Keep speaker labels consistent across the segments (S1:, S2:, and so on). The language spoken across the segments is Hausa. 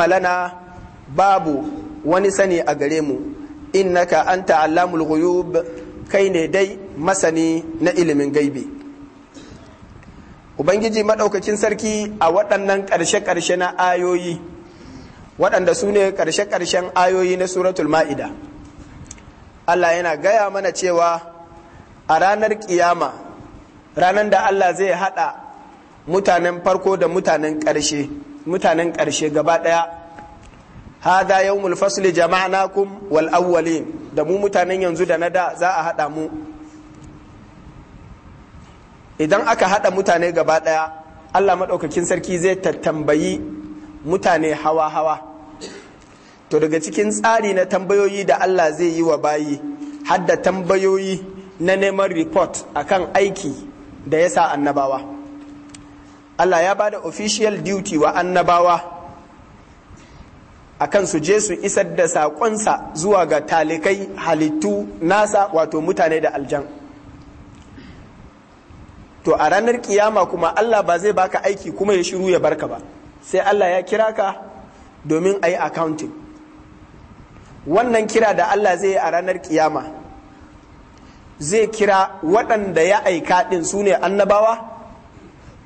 S1: falana babu wani sani a gare mu innaka anta allamul ghuyub kai ne dai masani na ilimin gaibi ubangiji maɗaukacin sarki a waɗannan ƙarshe-ƙarshe na ayoyi waɗanda su ne ƙarshe-ƙarshen ayoyi na suratul ma'ida allah yana gaya mana cewa a ranar ƙiyama ranar da allah zai haɗa mutanen farko da mutanen ƙarshe mutanen ƙarshe gaba ɗaya hada yawmul fasli jama'nakum wal awwalin da mu mutanen yanzu da na da za a haɗa mu idan aka haɗa mutane gaba ɗaya allah maɗaukakin sarki zai tattambayi mutane hawa-hawa to daga cikin tsari na tambayoyi da allah zai yi wa bayi hadda tambayoyi na neman report akan aiki da ya sa annabawa Allah ya ba da official duty wa annabawa akan su je su isar da saƙonsa zuwa ga talikai halittu nasa wato mutane da aljan to a ranar kiyama kuma Allah ba zai baka aiki kuma ya shiru ya barka ba sai Allah ya kira ka domin a yi accounting wannan kira da Allah zai yi a ranar kiyama zai kira waɗanda ya aika ɗin su ne annabawa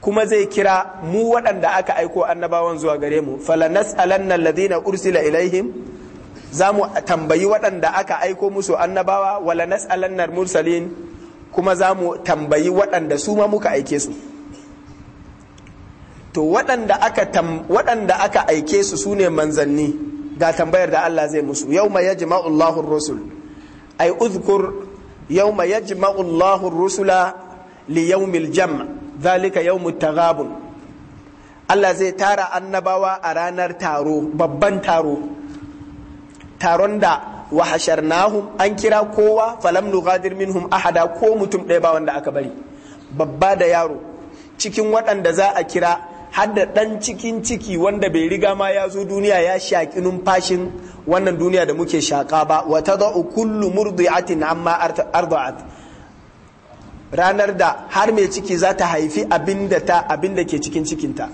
S1: kuma zai kira mu waɗanda aka aiko annabawan zuwa gare mu falanas alannan ladina ursila ilaihim za mu tambayi waɗanda aka aiko musu annabawa walanas mursalin kuma za mu tambayi waɗanda su ma muka aike su to waɗanda aka, aike su su ne manzanni ga tambayar da Allah zai musu yau ma yaji ma'ullahun rusul ai uzkur yau ma yaji ma'ullahun rusula li yawmil zalika yau taghabun Allah zai tara annabawa a ranar taro babban taro taron da wahasharnahum an kira kowa falam nughadir minhum ahada ko mutum ɗaya ba wanda aka bari babba da yaro cikin waɗanda za a kira har da ɗan cikin ciki wanda bai riga ma ya zo duniya ya shaƙi numfashin wannan duniya da muke shaƙa ba wa ta kullu murdi'atin amma arda'at ranar da har mai ciki za ta haifi abin ta ke cikin cikinta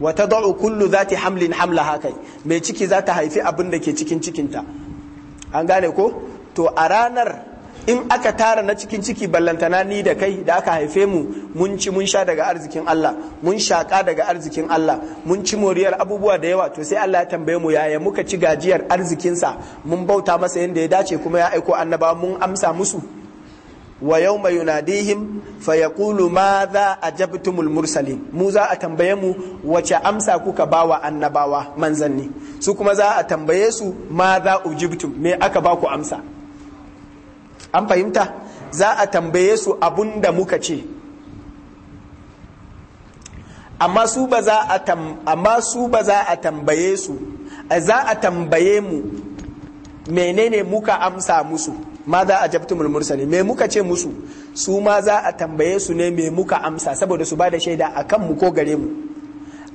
S1: wa da'u kullu ta hamlin hamla hakai mai ciki za ta haifi da ke cikin cikinta an gane ko to a ranar in aka tara na cikin ciki ballantana ni da kai da aka haife mu mun ci mun sha daga arzikin Allah mun shaka daga arzikin Allah mun ci moriyar abubuwa da yawa to sai Allah ya tambaye mu yaya muka ci gajiyar arzikinsa mun bauta masa yadda ya dace kuma ya aiko annaba mun amsa musu wa yau mai yunadihim fayakulu ma za a jabtumul mursalin mu za a tambaye mu wace amsa kuka ba wa annabawa manzanni su kuma za a tambaye su ma za ujibtum me aka ba ku amsa an fahimta za a tambaye su abun da muka ce amma su ba za amma su ba za a tambaye su za a tambaye mu menene muka amsa musu ma za a jabtumul mursali me muka ce musu su ma za a tambaye su ne me muka amsa saboda su ba da shaida kan mu ko gare mu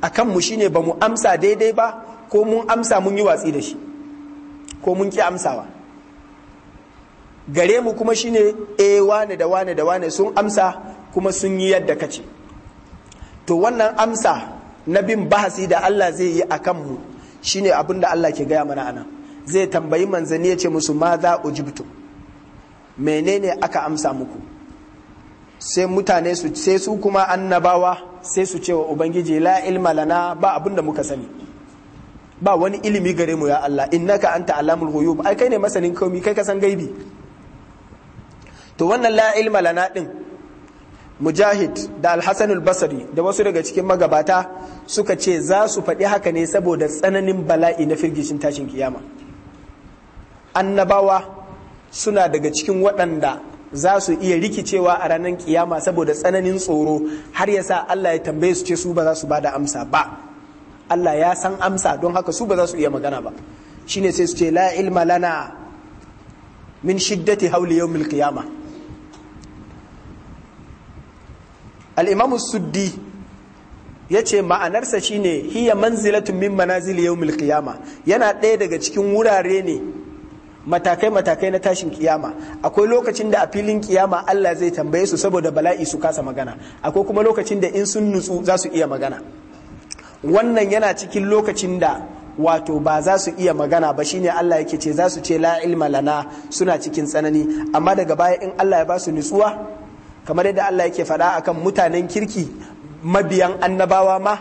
S1: a kan mu shine ba mu amsa daidai ba ko mun amsa mun yi watsi da shi ko mun ki amsawa gare mu kuma shine e wane da wane da wane sun amsa kuma sun yi yadda kace to wannan amsa na bin bahasi da Allah zai yi akan mu shine abin da Allah ke gaya mana anan zai tambayi manzanni ya ce musu ma za ujibtum menene aka amsa muku sai mutane su sai su kuma annabawa sai su ce wa ubangiji la ilma lana ba abin muka sani ba wani ilimi gare mu ya Allah innaka anta alamul ghuyub ai kai ne masanin komai kai ka san gaibi to wannan la ilma lana din mujahid da Alhassanul basri da wasu daga cikin magabata suka ce za su faɗi haka ne saboda tsananin bala'i na firgishin tashin kiyama annabawa suna daga cikin waɗanda za su iya rikicewa a ranar kiyama saboda tsananin tsoro har yasa Allah ya tambaye su ce su ba za su ba da amsa ba Allah ya san amsa don haka su ba za su iya magana ba shine sai su ce la ilma lana min shiddati hauli yawmil qiyama al-imam suddi yace ma'anarsa shine hiya manzilatun min manazil yawmil qiyama yana ɗaya daga cikin wurare ne matakai-matakai na tashin kiyama akwai lokacin da a filin kiyama Allah zai tambaye su saboda bala'i su kasa magana akwai kuma lokacin da in sun nutsu za su iya magana wannan yana cikin lokacin da wato ba za su iya magana ba shine Allah yake ce za su ce la ilma lana suna cikin tsanani amma daga baya in Allah ya ba su nutsuwa kamar yadda Allah yake faɗa akan mutanen kirki mabiyan annabawa ma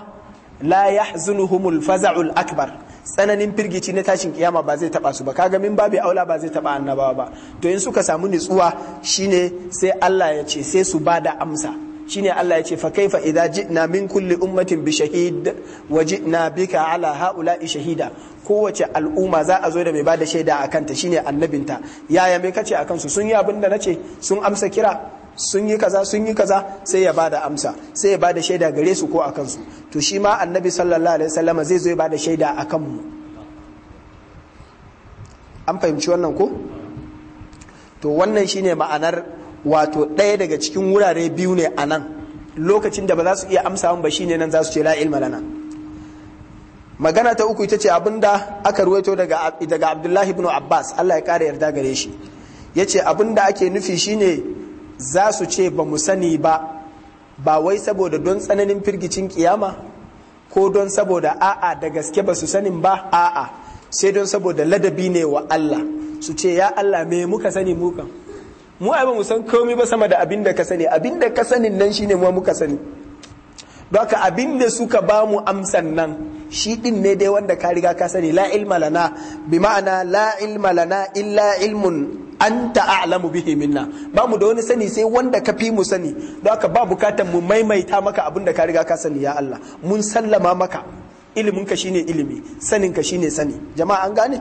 S1: la yahzunuhumul faza'ul akbar tsananin firgici na tashin kiyama ba zai taba su ba kaga min babu aula ba zai taba annabawa ba to in suka samu nutsuwa shine sai Allah ya ce sai su bada amsa shine Allah ya ce fa kaifa idza ji'na min kulli ummatin bi shahid wa ji'na bika ala haula'i shahida kowace al'umma za a zo da mai bada shaida akan ta shine annabinta yaya me kace akan su sun yi abin da nace sun amsa kira sun yi kaza sun yi kaza sai ya bada amsa sai ya bada shaida gare su ko akan su to shi ma annabi sallallahu alaihi wasallama zai zo ya bada shaida akan mu an fahimci wannan ko to wannan shine ma'anar wato ɗaya daga cikin wurare biyu ne a nan lokacin da ba za su iya amsa ba shine nan za su ce la ilma lana magana ta uku ita ce abinda aka ruwaito daga daga Abdullahi ibn Abbas Allah ya kare yarda gare shi yace abinda ake nufi shine za su ce ba mu sani ba ba wai saboda don tsananin firgicin kiyama ko don saboda a'a da gaske ba su sanin ba a'a sai don saboda ladabi ne wa Allah su ce ya Allah me muka sani muka mu ai ba mu san komai ba sama da abin da ka sani abin da ka sanin nan shine mu muka sani don ka abin da suka ba mu amsan nan shi din ne dai wanda ka riga ka sani la ilma lana bi ma'ana la ilma lana illa ilmun anta a'lamu bihi minna ba mu da wani sani sai wanda ka fi mu sani don ka ba bukatan mu maimaita maka abin da ka riga ka sani ya Allah mun sallama maka ilimin ka shine ilimi sanin ka shine sani jama'a an gane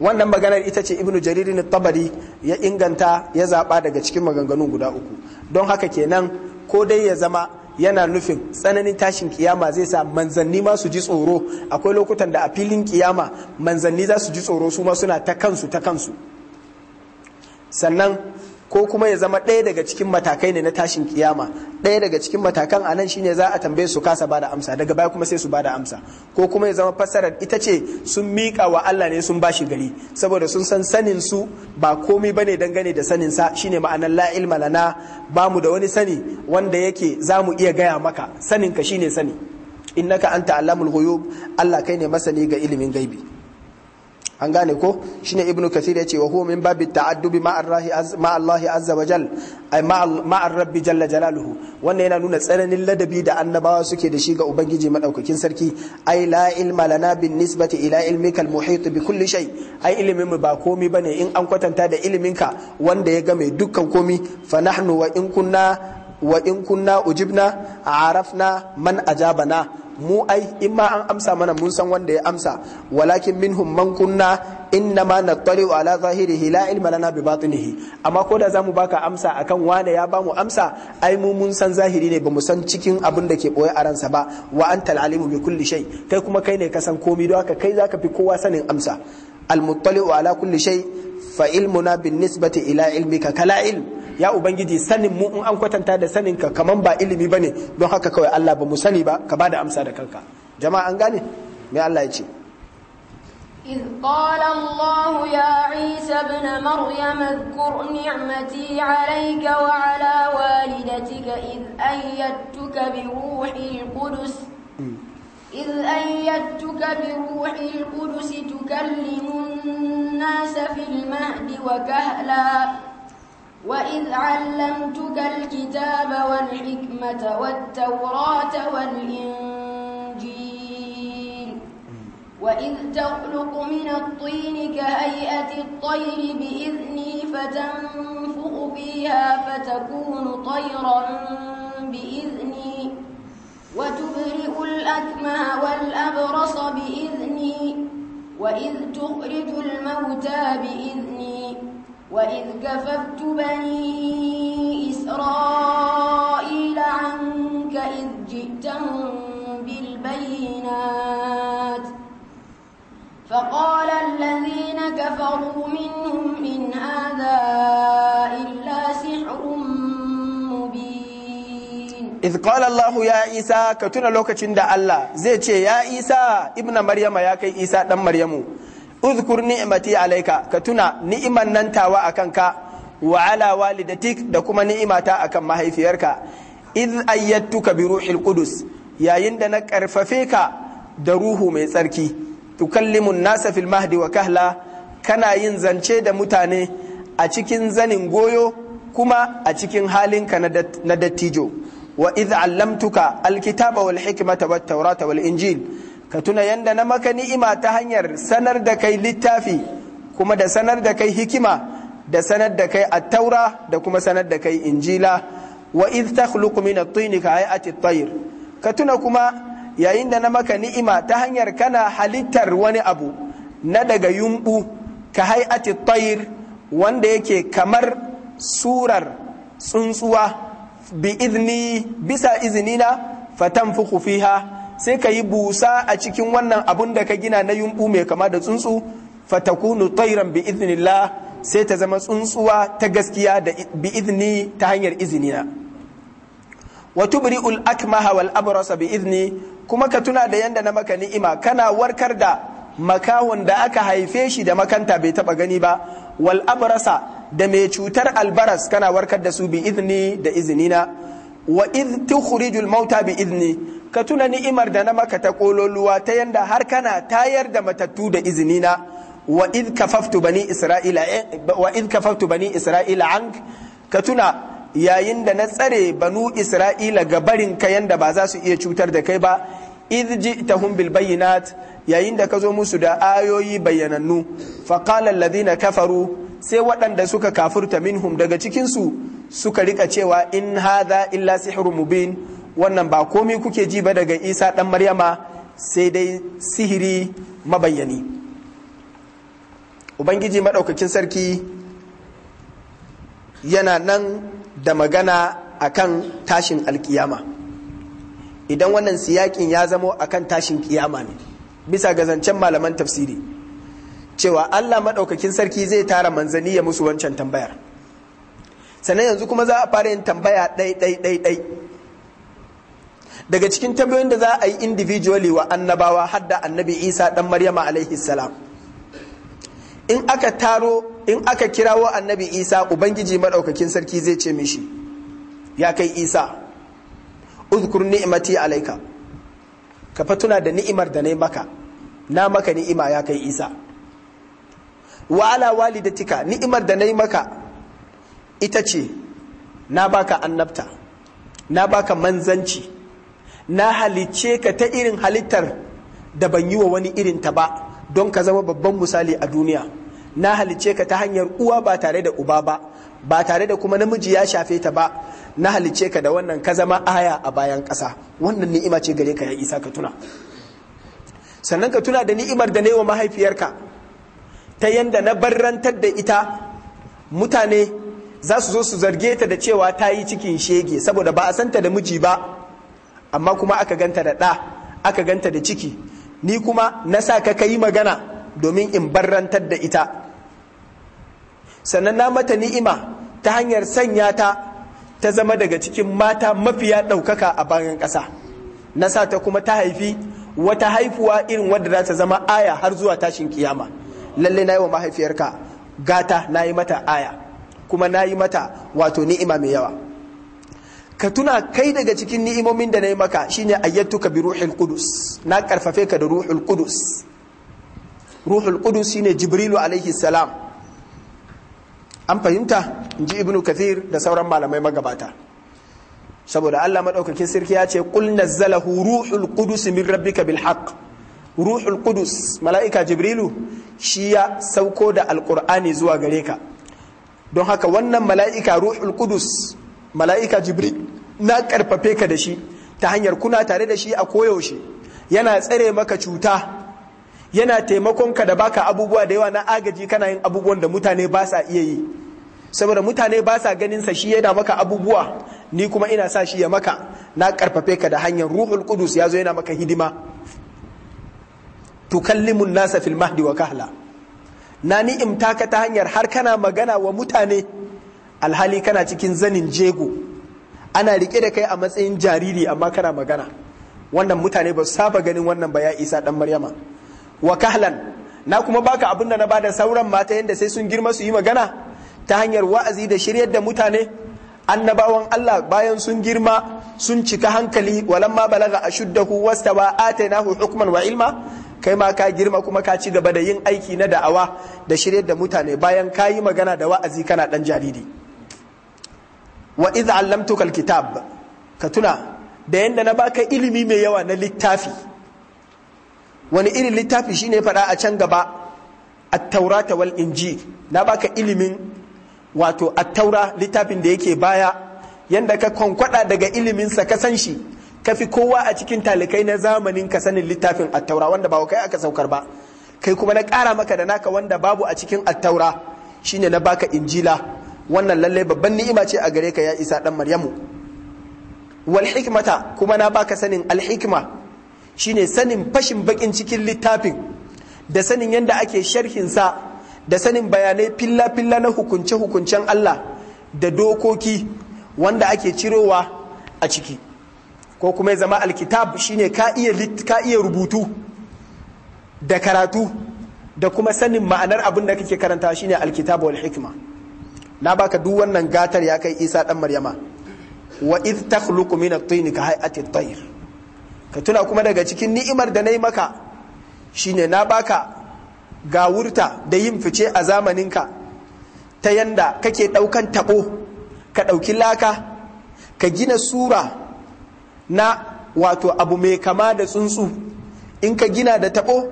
S1: wannan maganar ita ce ibnu jaririn tabari ya inganta ya zaba daga cikin maganganun guda uku don haka kenan ko dai ya zama yana nufin tsananin tashin kiyama zai sa manzanni ma su ji tsoro akwai lokutan da a filin kiyama manzanni za su ji tsoro su ma suna ta kansu ta kansu sannan ko kuma ya zama ɗaya daga cikin matakai ne na tashin kiyama ɗaya daga cikin matakan anan shine za a tambaye su kasa bada amsa daga baya kuma sai su bada amsa ko kuma ya zama fassarar ita ce sun miƙa wa Allah ne sun bashi gari saboda sun san sanin su ba komai bane dangane da sanin sa shine ma'anar la ilma lana bamu da wani sani wanda yake za mu iya gaya maka sanin ka shine sani innaka anta allamul ghuyub Allah kai ne masani ga ilimin gaibi an gane ko shine ibnu kathir ya wa huwa min babi ta'addubi ma Allahi azza wa jal ai ma rabbi jalla jalaluhu wannan yana nuna tsananin ladabi da annabawa suke da shi ga ubangiji madaukakin sarki ai la ilma lana bin nisbati ila ilmikal muhit bi kulli shay ai ilimin mu ba komi bane in an kwatanta da iliminka wanda ya game dukkan komi fa nahnu wa in kunna wa in kunna ujibna arafna man ajabana mu ai in ma an amsa mana mun san wanda ya amsa walakin minhum man kunna inna ma wa ala zahirihi la ilma lana bi batinihi amma ko da zamu baka amsa akan wane ya bamu amsa ai mu mun san zahiri ne bamu san cikin abin da ke boye a ransa ba wa antal alimu bi kulli shay kai kuma kai ne ka san komai don haka kai zaka fi kowa sanin amsa al muttali ala kulli shay fa ilmuna bin nisbati ila ilmika kala ilm ya ubangiji sanin mu in an kwatanta da sanin ka kaman ba ilimi bane don haka kawai Allah ba mu sani ba ka bada amsa da kanka jama'a an gane me Allah ya ce
S2: إذ قال الله يا عيسى ابن مريم اذكر نعمتي عليك وعلى والدتك إذ أيدتك بروح القدس إذ أيدتك بروح القدس تكلم الناس في المهد وكهلاً وإذ علمتك الكتاب والحكمة والتوراة والإنجيل وإذ تخلق من الطين كهيئة الطير بإذني فتنفق فيها فتكون طيرا بإذني وتبرئ الأكمه والأبرص بإذني وإذ تخرج الموتى بإذني وإذ كففت بني إسرائيل عنك إذ جئتهم بالبينات فقال الذين كفروا منهم إن هذا إلا سحر مبين
S1: إذ قال الله يا عيسى كتنا لوكتشن دا الله زي يا عيسى ابن مريم يا كي عيسى دم مريم uzkur ni'mati alaika ka tuna ni'iman nan akan ka wa ala walidatik da kuma ni'imata akan mahaifiyarka id ayyatuka bi ruhil qudus yayin da na karfafe ka da ruhu mai tsarki tukallimun nasa fil mahdi wa kahla kana yin zance da mutane a cikin zanin goyo kuma a cikin halinka na dattijo wa idh allamtuka alkitaba wal hikmata wat tawrata wal injil ka tuna yanda na maka ni'ima ta hanyar sanar da kai littafi kuma da sanar da kai hikima da sanar da kai attaura da kuma sanar da kai injila wa idh takhluqu min at-tin ka hay'ati at-tayr ka tuna kuma yayin da na maka ni'ima ta hanyar kana halittar wani abu na daga yumbu ka hay'ati at-tayr wanda yake kamar surar tsuntsuwa bi izni bisa izinina fatanfuku fiha sai ka yi busa a cikin wannan abun da ka gina na yumbu mai kama da tsuntsu fatakunu tayran bi iznillah sai ta zama tsuntsuwa ta gaskiya da bi idni ta hanyar izinina wa tubri'ul akmaha wal abrasa bi idni kuma ka tuna da yanda na maka ni'ima kana warkar da makawon da aka haife shi da makanta bai taba gani ba wal abrasa da mai cutar albaras kana warkar da su bi idni da izinina wa id tukhrijul mauta bi idni ka tuna ni'imar da na maka ta kololuwa ta yanda har kana tayar da matattu da izinina wa id kafaftu bani isra'ila eh, wa id kafaftu bani isra'ila ka tuna yayin da na tsare banu isra'ila ga barin ka yanda ba za su iya cutar da kai ba idji ta bil bayyinat yayin da ka zo musu da ayoyi bayyanannu faƙalar ladina kafaru sai waɗanda suka kafurta minhum daga cikinsu suka rika cewa in hadha illa sihrun mubin wannan ba komi kuke ji ba daga isa ɗan maryama sai dai sihiri mabayyani ubangiji maɗaukakin sarki yana nan da magana akan tashin alkiyama idan wannan siyakin ya zamo akan tashin kiyama ne bisa ga zancen malaman tafsiri cewa allah maɗaukakin sarki zai tara manzani ya musu wancan tambayar sannan yanzu kuma za a fara yin tambaya ɗai ɗai ɗai ɗai daga cikin tambayoyin da za a yi individually wa annabawa hadda annabi isa dan maryama alaihi salam in aka taro in aka kirawo annabi isa ubangiji madaukakin sarki zai ce mishi ya kai isa uzkur ni'mati alaika ka fa tuna da ni'imar da na maka na maka ni'ima ya kai isa wa ala walidatika ni'imar da nai maka ita ce na baka annabta na baka manzanci na halicce ka ta irin halittar da ban yi wa wani irin ta ba don ka zama babban misali a duniya na halicce ka ta hanyar uwa ba tare da uba ba ba tare da kuma namiji ya shafe ta ba na halicce ka da wannan ka zama aya a bayan kasa wannan ni'ima ce gare ka ya isa ka tuna sannan ka tuna da ni'imar da na wa mahaifiyarka ta yanda na barrantar da ita mutane za su zo su zarge ta da cewa ta yi cikin shege saboda ba a santa da miji ba amma kuma aka ganta da ɗa aka ganta da ciki ni kuma na sa ka yi magana domin in barrantar da ita sannan na mata ni'ima ta hanyar sanya ta ta zama daga cikin mata mafiya ɗaukaka a bayan ƙasa na sa ta kuma ta haifi wata haifuwa irin wadda za ta zama aya har zuwa tashin kiyama lalle na yi wa mahaifiyarka gata na yi mata aya kuma na yi mata wato ni'ima mai yawa ka tuna kai daga cikin ni'imomin da na yi maka shine ayyattuka bi ruhul qudus na karfafe ka da ruhul qudus ruhul qudus shine jibrilu alaihi salam an fahimta in ji ibnu kathir da sauran malamai magabata saboda Allah maɗaukakin sarki ya ce qul nazzalahu ruhul qudus min rabbika bil haqq ruhul qudus mala'ika jibrilu shi ya sauko da alqur'ani zuwa gare ka don haka wannan mala'ika ruhul qudus mala'ika jibril na karfafe ka da shi ta hanyar kuna tare da shi a koyaushe yana tsare maka cuta yana taimakon ka da baka abubuwa da yawa na agaji kana yin abubuwan da mutane ba sa iya yi saboda mutane ba sa ganin sa shi yana maka abubuwa ni kuma ina sa shi ya maka na karfafe ka da hanyar ruhul qudus ya zo yana maka hidima tukallimun nasa fil mahdi wa kahla na ni'imta ka ta hanyar har kana magana wa mutane alhali kana cikin zanin jego ana rike da kai a matsayin jariri amma kana magana wannan mutane ba su saba ganin wannan ba ya isa dan maryama wa kahlan na kuma baka abin da na bada sauran mata yadda sai sun girma su yi magana ta hanyar wa'azi da shiryar da mutane annabawan Allah bayan sun girma sun cika hankali walamma balaga ashuddahu wastawa atainahu hukman wa ilma kai ma ka girma kuma ka ci gaba da yin aiki na da'awa da shiryar da mutane bayan ka yi magana da wa'azi kana dan jariri wa iz allamtuka alkitab ka tuna da yanda na baka ilimi mai yawa na littafi wani irin littafi shine fada a can gaba at-taurata wal injil na baka ilimin wato at-taura littafin da yake baya yanda ka kwankwada daga ilimin sa ka san shi kafi kowa a cikin talikai na zamanin ka sanin littafin at-taura wanda ba kai aka saukar ba kai kuma na kara maka da naka wanda babu a cikin at-taura shine na baka injila wannan lallai babban ni'ima ce a gare ka ya isa dan maryamu wal hikmata kuma na baka sanin al hikma shine sanin fashin bakin cikin littafin da sanin yanda ake sharhin sa da sanin bayanai filla filla na hukunce hukuncen Allah da dokoki wanda ake cirowa a ciki ko kuma ya zama alkitab shine ka iya ka iya rubutu da karatu da kuma sanin ma'anar abin da kake karanta shine alkitab wal hikma na baka duk wannan gatar ya kai isa dan maryama wa iz takhluqu min at-tin ka hay'ati at-tayr ka tuna kuma daga cikin ni'imar da nayi maka shine na baka gawurta da yin fice a zamanin ka. ta yanda kake daukan tabo ka dauki laka ka gina sura na wato abu mai kama da tsuntsu in ka gina da tabo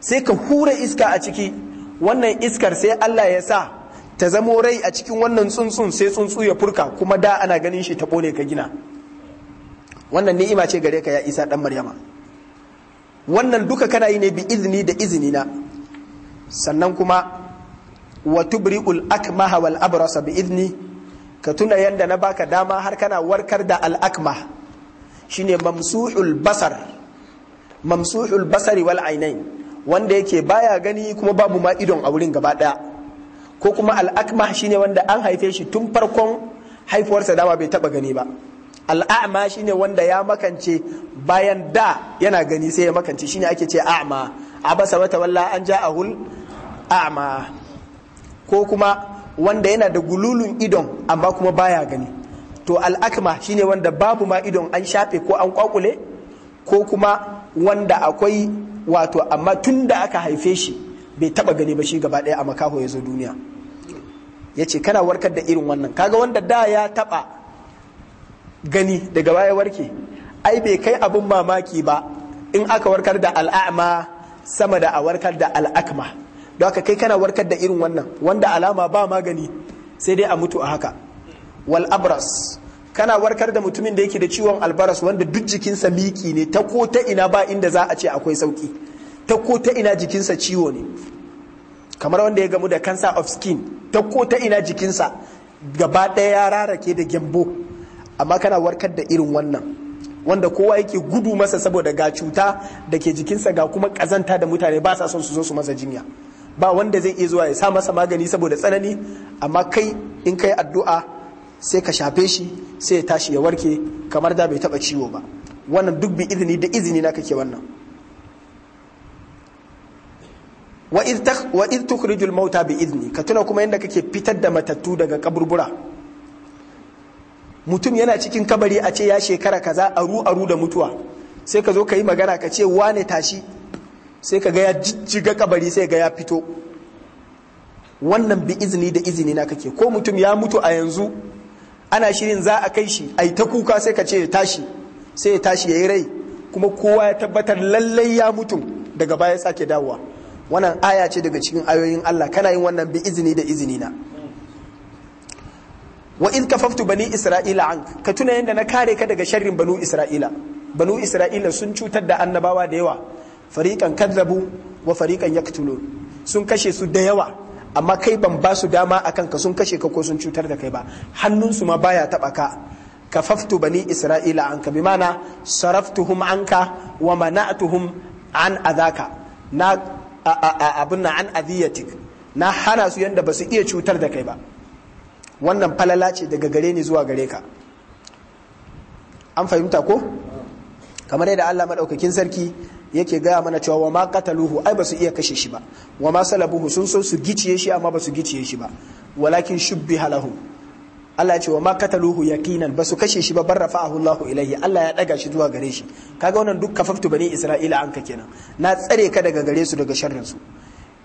S1: sai ka hura iska a ciki wannan iskar sai Allah ya sa ta zamo rai a cikin wannan tsuntsun sai tsuntsu ya furka kuma da ana ganin shi ta ne ka gina wannan ni'ima ce gare ka ya isa dan maryama wannan duka kana yi ne bi izini da izini na sannan kuma wa tubri'ul akmaha wal abrasa bi izni ka tuna yadda na baka dama har kana warkar da al akmah shine mamsuhul basar mamsuhul basari wal ainain wanda yake baya gani kuma babu ma idon a wurin gaba daya ko kuma al'akma shine wanda an haife shi tun farkon haifuwarsa dama bai taba gani ba al'a'ma shine wanda ya makance bayan da yana gani sai ya makance shine ake ce a'ma abasa wata walla an ja hul a'ma ko kuma wanda yana da gululun idon amma kuma baya gani to al'akma shine wanda babu ma idon an shafe ko an kwakule ko kuma wanda akwai wato amma tun da aka haife shi bai taba gani ba shi gaba ɗaya a makaho ya zo duniya ya ce kana warkar da irin wannan kaga wanda da ya taba gani daga baya warke ai bai kai abin mamaki ba in aka warkar da al'a'ma sama da a warkar da al'akma don haka kai kana warkar da irin wannan wanda alama ba magani sai dai a mutu a haka wal abras kana warkar da mutumin da yake da ciwon albaras wanda duk jikinsa miki ne ta ko ta ina ba inda za a ce akwai sauki ta ko ta ina jikinsa ciwo ne kamar wanda ya gamu da cancer of skin ta ko ta ina jikinsa gaba ɗaya ya rarake da gyambo amma kana warkar da irin wannan wanda kowa yake gudu masa saboda ga cuta da ke jikinsa ga kuma kazanta da mutane ba sa son su zo su masa jinya ba wanda zai iya zuwa ya sa masa magani saboda tsanani amma kai in kai addu'a sai ka shafe shi sai ya tashi ya warke kamar da bai taba ciwo ba wannan duk bi izini da izini na kake wannan wa iz tukhrijul mauta bi izni ka tuna kuma yanda kake fitar da matattu daga kaburbura mutum yana cikin kabari a ce ya shekara kaza aru aru da mutuwa sai ka zo ka yi magana ka ce wane tashi sai ka ga jijjiga kabari sai ga ya fito wannan bi izini da izini na kake ko mutum ya mutu a yanzu ana shirin za a kai shi ai ta kuka sai ka ce ya tashi sai ya tashi ya yi rai kuma kowa ya tabbatar lallai ya mutu daga baya sake dawowa wannan aya ce daga cikin ayoyin Allah kana yin wannan bi izini da izini na wa in kafaftu bani isra'ila an ka tuna yadda na kare ka daga sharrin banu isra'ila banu isra'ila sun cutar da annabawa da yawa Fariqan kadzabu wa fariqan yaktulun sun kashe su da yawa amma kai ban ba su dama akan ka sun kashe ka ko sun cutar da kai ba Hannun su ma baya taba ka kafaftu bani isra'ila an ka bi mana saraftuhum anka wa mana'atuhum an adaka na abin na an aziyatik na hana su yadda ba su iya cutar da kai ba wannan falala ce daga gare ni zuwa gare ka an fahimta ko kamar yadda Allah maɗaukakin sarki yake gaya mana cewa wa ma qataluhu ai ba su iya kashe shi ba wa ma salabuhu sun so su giciye shi amma ba su giciye shi ba walakin shubbi halahu. Allah ya ce wa ma kataluhu yaqinan ba su kashe shi ba bar rafa'ahu Allah ilayhi Allah ya daga shi zuwa gare shi kaga wannan duk kafaftu bani Isra'ila anka kenan na tsare ka daga gare su daga sharrin su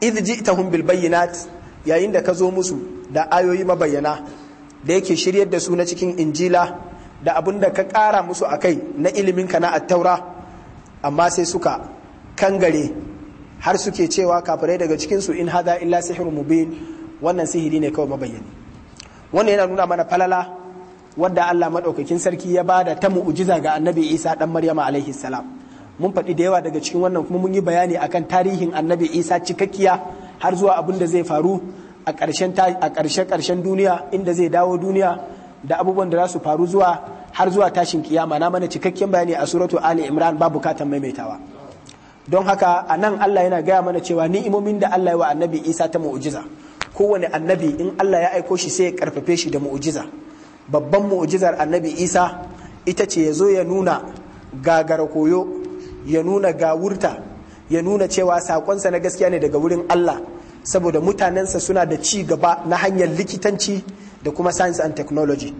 S1: id ji'tahum bil bayyinat yayin da ka zo musu da ayoyi mabayyana da yake shiryar da su na cikin injila da abun da ka kara musu akai na ilimin ka na attaura amma sai suka kangare har suke cewa kafirai daga cikin su in hada illa sihrun mubin wannan sihiri ne kawai mabayyani wannan yana nuna mana falala wadda Allah madaukakin sarki ya bada ta mu'ujiza ga annabi Isa dan Maryama alaihi salam mun faɗi da yawa daga cikin wannan kuma mun yi bayani akan tarihin annabi Isa cikakkiya har zuwa abin da zai faru a ƙarshen a ƙarshen duniya inda zai dawo duniya da abubuwan da za su faru zuwa har zuwa tashin kiyama na mana cikakken bayani a suratu Ali Imran babu bukatan maimaitawa don haka a nan Allah yana gaya mana cewa ni'imomin da Allah yi wa annabi Isa ta mu'ujiza kowane annabi in Allah ya aiko shi sai ya karfafe shi da mu'ujiza. babban mu'ujizar annabi Isa ita ce ya zo ya nuna gagara koyo ya nuna gawurta ya nuna cewa sakonsa na gaskiya ne daga wurin Allah saboda mutanensa suna da ci gaba na hanyar likitanci da kuma science and technology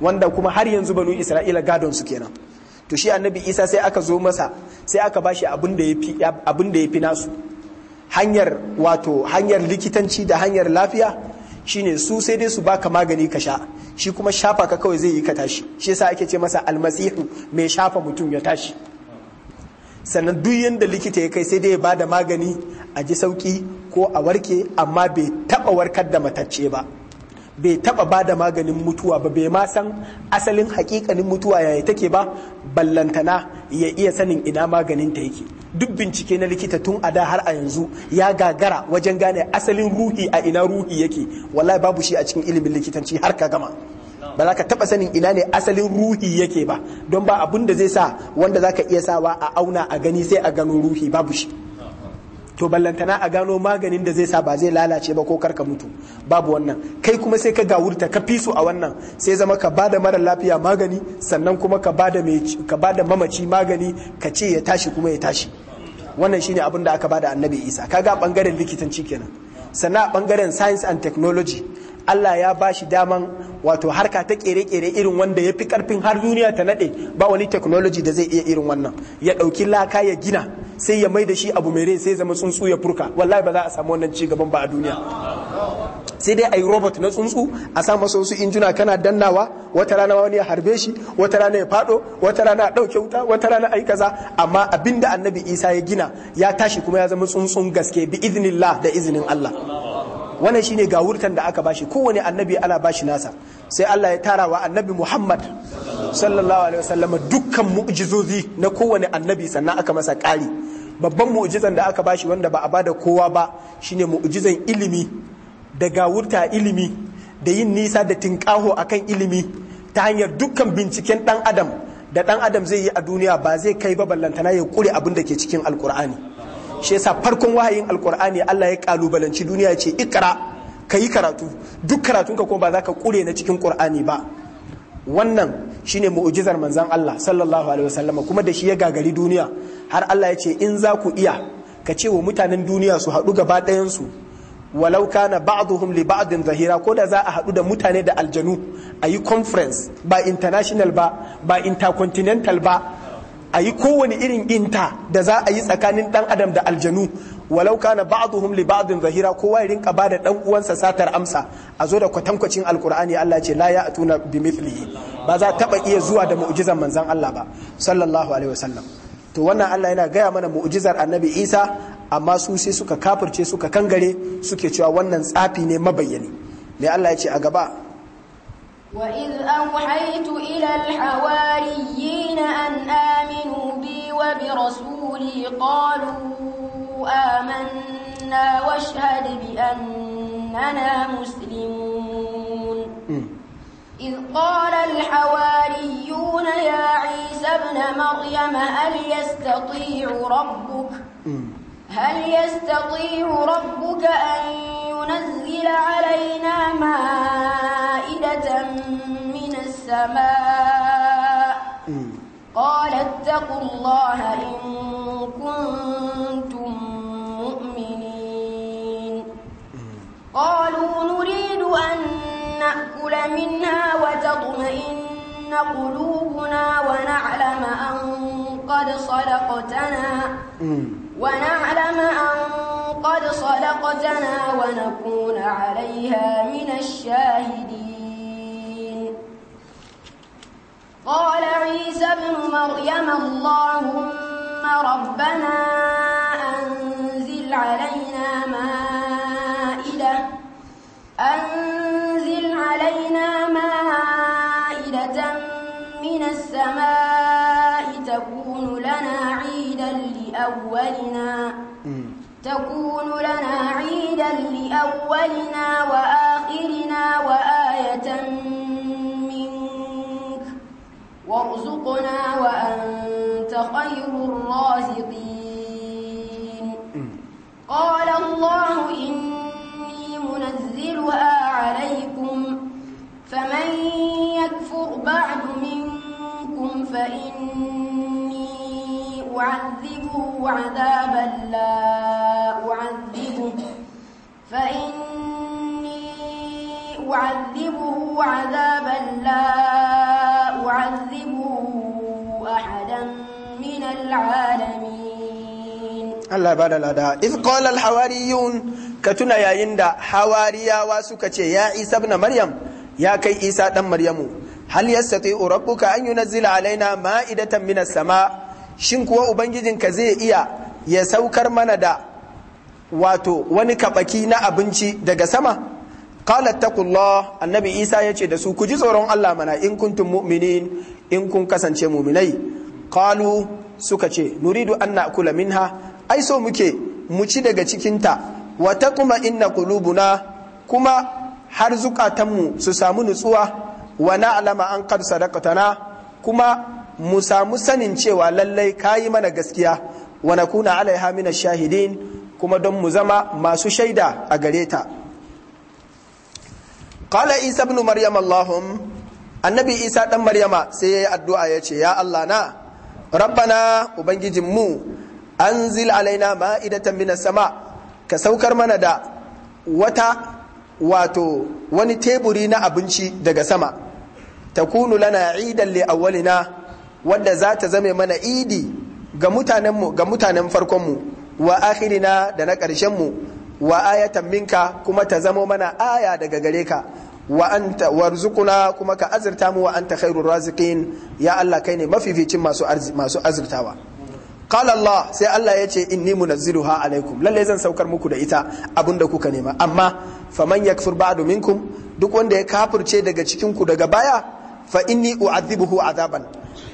S1: wanda kuma har yanzu banu Isra'ila gadon su kenan to shi annabi Isa sai aka zo masa sai aka bashi abin da ya fi nasu hanyar wato hanyar likitanci da hanyar lafiya shine su sai dai su baka magani ka sha shi kuma shafa ka kawai zai yi ka tashi shi yasa ake ce masa almasihu mai shafa mutum ya tashi sannan duk likita ya kai sai dai ya bada magani a ji sauki ko a warke amma bai taba warkar da matacce ba bai taba ba da maganin mutuwa ba bai ma san asalin hakikanin mutuwa yaya take ba ballantana ya iya sanin ina maganin ta yake duk bincike na likita tun a da har a yanzu ya gagara wajen gane asalin ruhi a ina ruhi yake wallahi babu shi a cikin ilimin likitanci har ka gama ba za ka taba sanin ina ne asalin ruhi yake ba don ba abun da zai sa wanda za ka iya sawa a auna a gani sai a ganin ruhi babu shi to ballantana a gano maganin da zai sa ba zai lalace ba ko karka mutu babu wannan kai kuma sai ka gawurta ka fi su a wannan sai zama ka bada mara lafiya magani sannan kuma ka bada ka mamaci magani ka ce ya tashi kuma ya tashi wannan shine abin da aka ba da annabi isa ga bangaren likitanci kenan sannan bangaren science and technology Allah ya bashi daman wato harka ta kere-kere irin wanda ya fi karfin har duniya ta naɗe ba wani technology da zai iya irin wannan ya dauki laka ya gina sai ya mai da shi abu mai rai sai zama tsuntsu ya furka wallahi ba za a samu wannan cigaban ba a duniya sai dai a yi robot na tsuntsu a sa masa wasu injuna kana dannawa wata rana wani ya harbe shi wata rana ya fado wata rana a ɗauke wuta wata rana a yi kaza amma abin da annabi isa ya gina ya tashi kuma ya zama tsuntsun gaske bi iznillah da izinin allah wannan shine ga wurtan da aka bashi kowane annabi ana bashi nasa sai Allah ya tara wa annabi Muhammad sallallahu alaihi wasallam dukkan mu'jizozi na kowane annabi sannan aka masa ƙari babban mu'jizan da aka bashi wanda ba a bada kowa ba shine mu'jizan ilimi da gawurta ilimi da yin nisa da tinkaho akan ilimi ta hanyar dukkan binciken dan adam da dan adam zai yi a duniya ba zai kai ba ballantana ya kure abin da ke cikin alkur'ani shi yasa farkon wahayin alkur'ani Allah ya kalubalanci duniya ce ikra ka yi karatu duk karatun ka kuma ba za ka kure na cikin qur'ani ba wannan shine mu'ujizar manzon Allah sallallahu alaihi wasallam kuma da shi ya gagari duniya har Allah ya ce in za ku iya ka ce wa mutanen duniya su haɗu gaba ɗayan su walau kana ba'dhum li ba'din zahira ko da za a haɗu da mutane da aljanu a yi conference ba international ba ba intercontinental ba a yi kowane irin inta da za a yi tsakanin dan adam da aljanu walau na ba'dhum li ba'dhin zahira kowa ya rinka bada dan uwansa satar amsa a zo da kwatankwacin alqur'ani Allah ce la ya'tuna bimithlihi ba za taba iya zuwa da mu'jizan manzon Allah ba sallallahu alaihi wasallam to wannan Allah yana gaya mana mu'jizar annabi Isa amma su sai suka kafirce suka kangare suke cewa wannan tsafi ne mabayyani me Allah ya ce a gaba
S2: وإذ أوحيت إلى الحواريين أن آمنوا بي وبرسولي قالوا آمنا واشهد بأننا مسلمون إذ قال الحواريون يا عيسى ابن مريم هل يستطيع ربك هل يستطيع ربك أن ينزل علينا مائدة من السماء قال اتقوا الله إن كنتم مؤمنين قالوا نريد أن
S1: نأكل منها وتطمئن
S2: قلوبنا ونعلم أن قد صدقتنا ونعلم أن قد صدقتنا ونكون عليها من الشاهدين قال عيسى بن مريم اللهم ربنا أنزل علينا مَا أولنا وآخرنا وآية منك وارزقنا وأنت خير الرازقين
S1: قال الله
S2: إني منزلها عليكم فمن يكفر بعد منكم فإني أعذبه عذابا لا فإني أعذبه عذابا لا أعذبه أحدا من العالمين
S1: الله بعد الأداء إذ قال الحواريون كتنا يا يندا حواريا واسكة يا عيسى ابن مريم يا كي عيسى ابن مريم هل يستطيع ربك أن ينزل علينا مائدة من السماء shin kuwa ubangijinka zai iya ya saukar mana da wato wani kabaki na abinci daga sama qalat taqullah annabi isa ce da su ku ji tsoron Allah mana in kuntum mu'minin in kun kasance mu'minai Kalu suka ce nuridu an na'kula minha ai so muke mu ci daga cikinta wa taqma inna qulubuna kuma har zukatanmu su samu nutsuwa wa alama an qad sadaqtana kuma mu samu sanin cewa lallai kayi mana gaskiya wa nakuna alaiha minash shahidin kuma don mu zama masu shaida a gare ta qala isa ibn maryam allahun annabi isa ɗan maryama sai ya yi addu'a ya ce ya allah na rabbana ubangijin mu anzil alaina ma'idatan mina sama ka saukar mana da wata wato wani teburi na abinci daga sama kunu lana idan le awalina wanda za ta zame mana idi ga mutanenmu ga mutanen farkonmu wa akhirina da na ƙarshen mu wa ayatan minka kuma ta zamo mana aya daga gare ka wa anta warzuquna kuma ka azurta mu wa anta khairur raziqin ya Allah kai ne mafificin masu masu azurtawa qala Allah sai Allah ya ce inni munazziluha alaikum lalle zan saukar muku da ita abinda kuka nema amma faman yakfur ba'du minkum duk wanda ya kafirce daga cikin ku daga baya fa inni u'adhibuhu azaban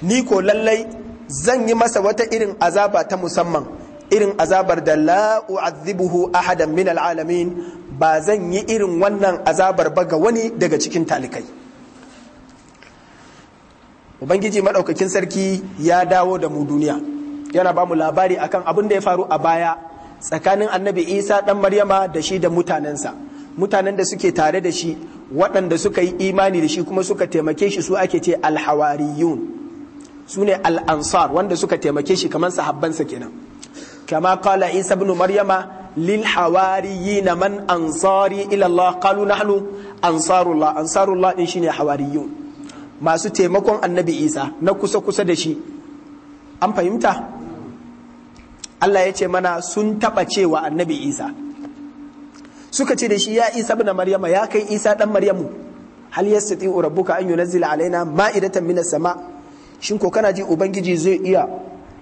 S1: ni ko lallai zan yi masa wata irin azaba ta musamman irin azabar da azibuhu a ahadan min alalamin ba zan yi irin wannan azabar ba ga wani daga cikin talikai ubangiji madaukakin sarki ya dawo da mu duniya yana ba mu labari akan abin da ya faru a baya tsakanin annabi isa dan maryama da shi da mutanensa mutanen da suke tare da shi waɗanda suka yi imani da shi kuma suka taimake shi su ake ce alhawariyun su ne al'ansar wanda suka taimake shi kamar sahabbansa kenan kama kala isa ibn maryama lil na man ansari ila allah qalu nahnu ansarullah ansarullah din shine hawariyun masu taimakon annabi isa na kusa kusa da shi an fahimta Allah ya ce mana sun taɓa cewa annabi isa suka ce da shi ya isa ibn maryama ya kai isa dan maryamu ya yastati rabbuka an yunazzila alaina ma'idatan minas sama shin ko kana ji ubangiji zai iya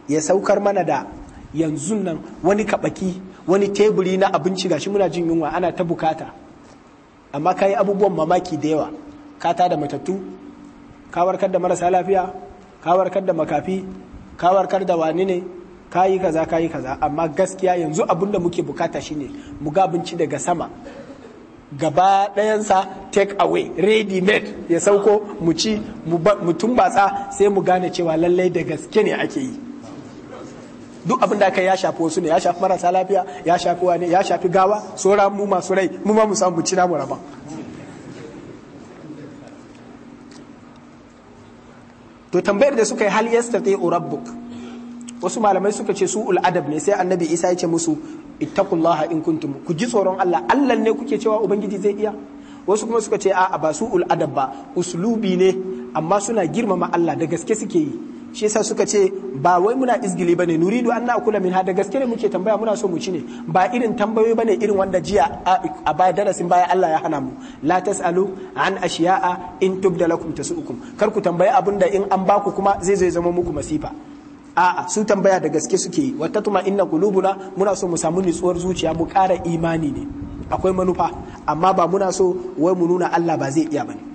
S1: ya saukar mana da yanzu nan wani kabaki wani teburi na abinci gashi muna jin yunwa ana ta bukata amma ka yi abubuwan mamaki da yawa ka ta da matattu ka warkar da marasa lafiya ka warkar da makafi ka warkar da wani ne ka yi kaza ka yi kaza amma gaskiya yanzu abin da muke bukata shine mu ga abinci daga sama gaba ɗayansa take away ready made ya sauko mu ci mu tumbatsa sai mu gane cewa lallai da gaske ne ake yi duk abin da aka ya shafi wasu ne ya shafi marasa lafiya ya shafi wani ya shafi gawa tsoron mu masu rai mu ma mu samu cina rabon to tambayar da suka yi hal yastati rabbuk wasu malamai suka ce su ul ne sai annabi isa ya ce musu ittaqullaha in kuntum ku ji tsoron Allah Allah ne kuke cewa ubangiji zai iya wasu kuma suka ce a'a ba su ul ba uslubi ne amma suna girmama Allah da gaske suke yi shi yasa suka ce ba wai muna izgili bane nuridu anna kula min hada gaske ne muke tambaya muna so mu ci ne ba irin tambayoyi bane irin wanda jiya a baya darasin baya Allah ya hana mu la tasalu an ashiya'a in tubda lakum tasukum kar ku tambaye da in an baku kuma zai zai zama muku masifa a'a su tambaya da gaske suke yi wata tuma inna qulubuna muna so mu samu nutsuwar zuciya mu kara imani ne akwai manufa amma ba muna so wai mu nuna Allah ba zai iya bane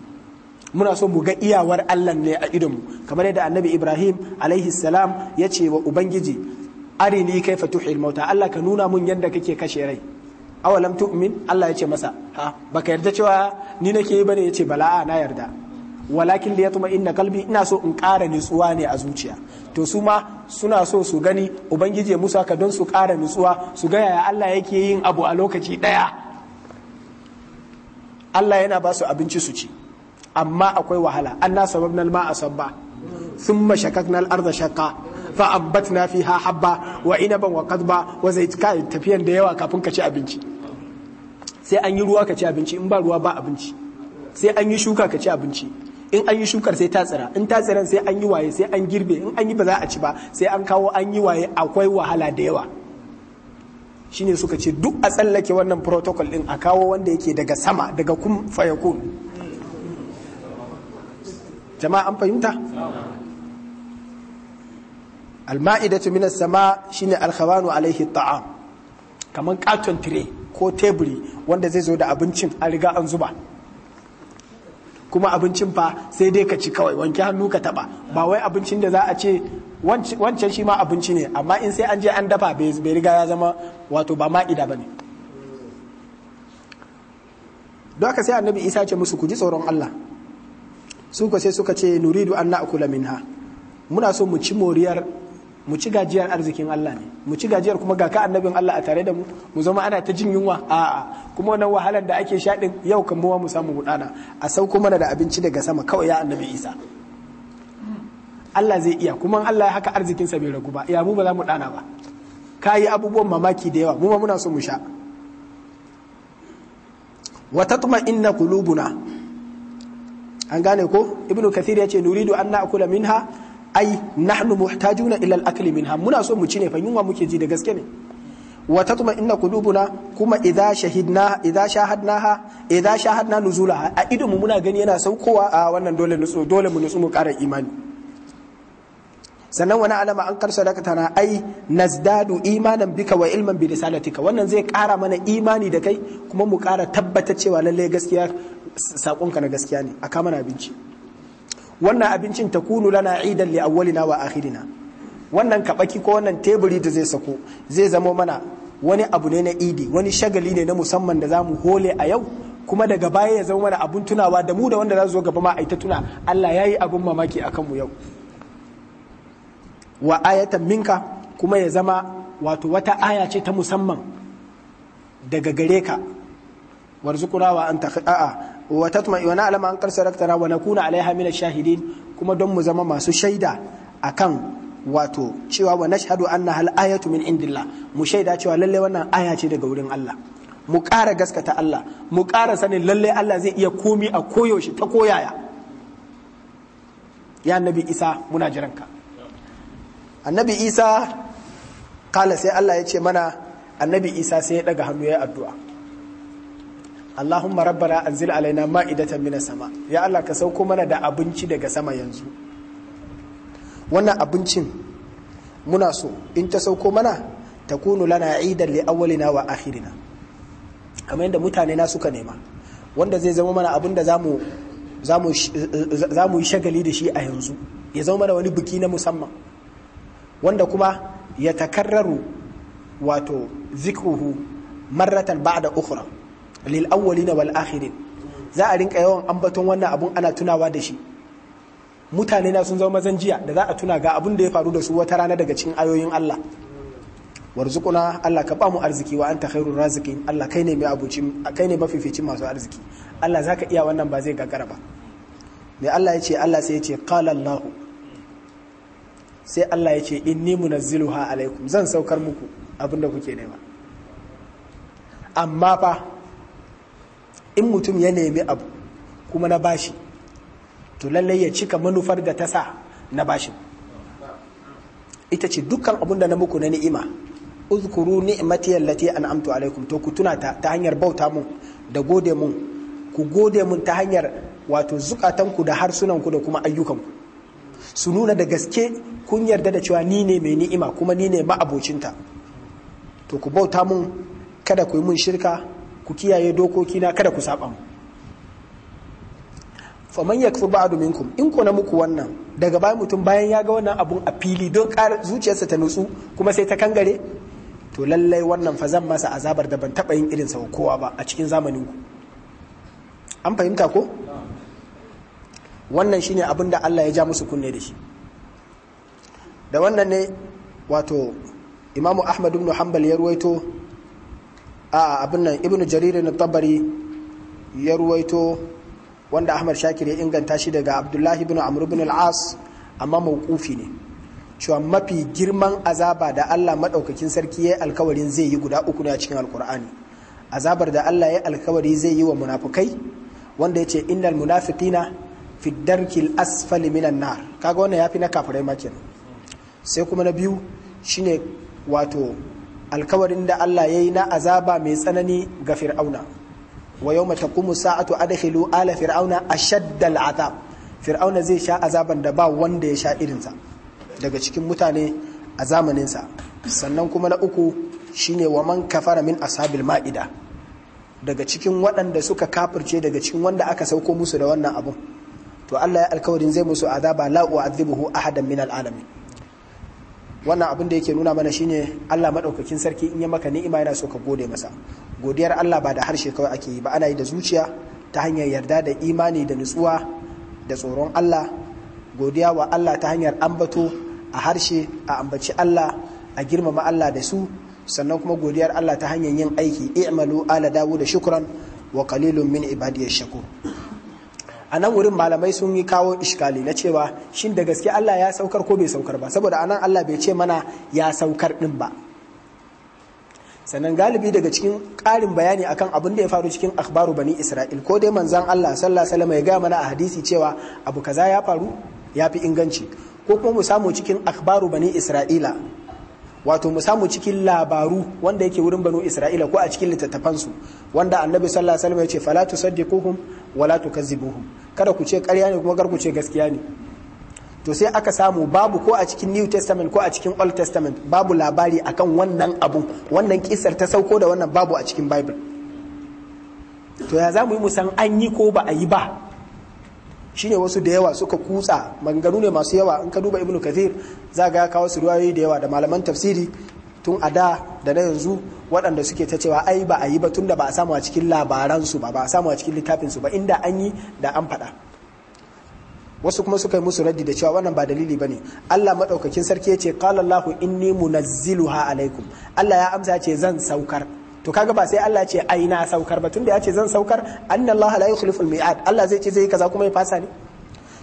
S1: muna so mu ga iyawar Allah ne a idon mu kamar yadda annabi Ibrahim alaihi salam ya ce wa ubangiji arini kai tuhil mauta Allah ka nuna mun yadda kake kashe rai awalam tu'min Allah ya ce masa ha baka yarda cewa ni nake yi bane ya ce bala'a na yarda walakin da ya tuma inna kalbi ina so in ƙara nutsuwa ne a zuciya to su ma suna so su gani ubangiji musa ka don su ƙara nutsuwa su ga yaya Allah yake yin abu a lokaci ɗaya Allah yana ba su abinci su ci amma akwai wahala anna sababna alma a sabba thumma shakakna al-ardha shaqqa fa abbatna fiha habba wa inaban wa qadba wa zaitka tafiyan da yawa kafin ka ci abinci sai an yi ruwa ka ci abinci in ba ruwa ba abinci sai an yi shuka ka ci abinci in an yi shukar sai ta tsira in ta tsira sai an yi waye sai an girbe in an yi ba za a ci ba sai an kawo an yi waye akwai wahala da yawa shine suka ce duk a tsallake wannan protocol din a kawo wanda yake daga sama daga kun fayakun jama'a an fahimta alma'idatu minas sama shine alkhawanu alaihi ta'am kaman katon tire ko teburi wanda zai zo da abincin an riga an zuba kuma abincin fa sai dai ka ci kawai wanke hannu ka taba ba wai abincin da za a ce wancan shi ma abinci ne amma in sai an je an dafa bai riga ya zama wato ba ma'ida ba ne don haka sai annabi isa ce musu ku ji tsoron allah Suka sai suka ce nuridu an na'kula minha muna so mu ci moriyar mu ci gajiyar arzikin Allah ne mu ci gajiyar kuma ga ka annabin Allah a tare da mu mu zama ana ta jin yunwa a'a kuma wannan wahalar da ake sha din yau kan mu samu gudana a sauko mana da abinci daga sama kawai ya annabi Isa Allah zai iya kuma Allah ya haka arzikin sa bai ragu ba ya mu ba za mu dana ba kayi abubuwan mamaki da yawa mu ma muna so mu sha wa tatma inna qulubuna an gane ko ibnu kathir ya ce nuridu an na'kula minha ai nahnu muhtajuna ila al-akli minha muna so mu ci ne fa yunwa muke ji da gaske ne wa tatma inna qulubuna kuma idza shahidna idza shahadnaha idza shahadna nuzulaha a idonmu mu muna gani yana saukowa a wannan dole dole mu nutsu mu kara imani sannan wani alama an karsa sadaka na ai nazdadu imanan bika wa ilman bi risalatika wannan zai kara mana imani da kai kuma mu kara tabbata cewa lalle gaskiya sakonka na gaskiya ne aka mana abinci wannan abincin ta takunu lana idan li awwalina wa akhirina wannan kabaki ko wannan teburi da zai sako zai zama mana wani abu ne na idi wani shagali ne na musamman da zamu hole a yau kuma daga baya ya zama mana abun tunawa da mu da wanda za zo gaba ma aita tuna Allah yayi abun mamaki akan mu yau wa ayatan minka kuma ya zama wato wata aya ce ta musamman daga gare ka warzuquna an tafi a'a wa tatma wa na'lamu an qad wa nakuna alaiha min shahidin kuma don mu zama masu shaida akan wato cewa wa nashhadu anna hal ayatu min indillah mu shaida cewa lalle wannan aya ce daga wurin Allah mu ƙara gaskata Allah mu ƙara sanin lalle Allah zai iya komi a koyaushe ta koyaya ya nabi isa muna jiranka annabi isa kala sai allah ya ce mana annabi isa sai ya daga hannu ya yi addu'a allahumma rabbana anzil alaina ma'idatan mina sama ya allah ka sauko mana da abinci daga sama yanzu wannan abincin muna so in ta sauko mana ta kunu lana idan li awwalina wa akhirina kamar yadda mutane na suka nema wanda zai zama mana abin da za mu yi shagali da shi a yanzu ya zama mana wani biki na musamman wanda kuma ya takarraru wato zikruhu marratan da ukhra lil na wal akhirin za a rinka yawan ambaton wannan abun ana tunawa da shi mutane na sun zama mazan jiya da za a tuna ga abun da ya faru da su wata rana daga cikin ayoyin Allah warzuquna Allah ka ba mu arziki wa anta khairur raziqin Allah kai ne mai abuci kai ne mafificin masu arziki Allah zaka iya wannan ba zai gagara ba me Allah ya ce Allah sai ya ce qala Allahu sai Allah ya ce in inni munazziluha alaikum zan saukar muku abinda kuke nema amma fa in mutum ya nemi abu kuma na bashi to lallai ya cika manufar da ta sa na bashin ita ce dukkan abinda na muku na ni'ima uzkuru ni'mati allati an'amtu alaikum to ku tuna ta, ta hanyar bauta mun da gode mun ku gode mun ta hanyar wato zukatanku da harsunanku da kuma ayyukanku su nuna da gaske kun yarda da cewa ni ne mai ni'ima kuma ni ne ma'abocinta to ku bauta mun kada ku yi mun shirka ku kiyaye dokoki na kada ku saba mu man yakfu ba'du minkum in ku na muku wannan daga bayan mutum bayan ya ga wannan abun a fili don kar zuciyarsa ta nutsu kuma sai ta kangare to lallai wannan fa zan masa azabar da ban taba yin irin sa kowa ba a cikin zamanin ku an fahimta ko wannan shine abin da Allah ya ja musu kunne da shi da wannan ne wato imamu ahmad ibn hanbal ya ruwaito a abin nan ibn jarir na tabari ya ruwaito wanda ahmad shakir ya inganta shi daga abdullahi ibn amr ibn al-as amma mawqufi ne cewa mafi girman azaba da Allah madaukakin sarki ya alkawarin zai yi guda uku na cikin alkur'ani azabar da Allah ya yi alkawari zai yi wa munafukai wanda ya ce innal munafiqina fi kil asfali minan nar kaga wannan fi na kafirai ma kenan sai kuma na biyu shine wato alkawarin da Allah ya yi na azaba mai tsanani ga fir'auna wa mata kuma sa'atu adkhilu ala fir'auna shaddal azab fir'auna zai sha azaban da ba wanda ya sha irinsa daga cikin mutane a zamaninsa sannan kuma na uku shine wa man kafara min ashabil ma'ida daga cikin waɗanda suka kafirce daga cikin wanda aka sauko musu da wannan abun to Allah ya alkawarin zai musu azaba la u'adhibuhu ahadan min al'alamin wannan abin da yake nuna mana shine Allah madaukakin sarki in ya maka ni'ima yana so ka gode masa godiyar Allah ba da harshe kawai ake yi ba ana yi da zuciya ta hanyar yarda da imani da nutsuwa da tsoron Allah godiya wa Allah ta hanyar ambato a harshe a ambaci Allah a girmama Allah da su sannan kuma godiyar Allah ta hanyar yin aiki i'malu ala dawo da shukran wa qalilun min ibadiyash shakur a nan wurin malamai sun yi kawo iskali na cewa shin da gaske Allah ya saukar ko bai saukar ba saboda a nan Allah bai ce mana ya saukar din ba sannan galibi daga cikin ƙarin bayani akan abin da ya faru cikin akhbaru bani isra'il ko dai manzan Allah sallallahu alaihi wasallam ya gaya mana a hadisi cewa abu kaza ya faru ya fi inganci ko kuma mu samu cikin akhbaru bani isra'ila wato mu samu cikin labaru wanda yake wurin banu isra'ila ko a cikin littattafansu wanda annabi sallallahu alaihi wasallam ya ce fala tusaddiquhum wala tukazzibuhum kada ku ce ƙarya ne kuma garku ce gaskiya ne to sai aka samu babu ko a cikin new testament ko a cikin old testament babu labari akan wannan abu wannan kisar ta sauko da wannan babu a cikin bible to ya za mu yi musan an yi ko ba a yi ba shi ne wasu da yawa suka kutsa maganganu ne masu yawa in ka duba ibnu kathir za ga ya kawo su ruwayoyi da yawa da malaman tafsiri tun a da da na yanzu waɗanda suke ta cewa ai ba a yi ba tunda ba a samu a cikin labaransu ba ba a samu a cikin littafinsu ba inda an yi da an faɗa wasu kuma suka yi musu raddi da cewa wannan ba dalili ba ne Allah maɗaukakin sarki ya yace qala Allah inni ha alaikum Allah ya amsa ce zan saukar to kaga ba sai Allah ce ai na saukar ba tunda ya ce zan saukar na Allah la yukhlifu miad Allah zai ce zai kaza kuma ya fasa ne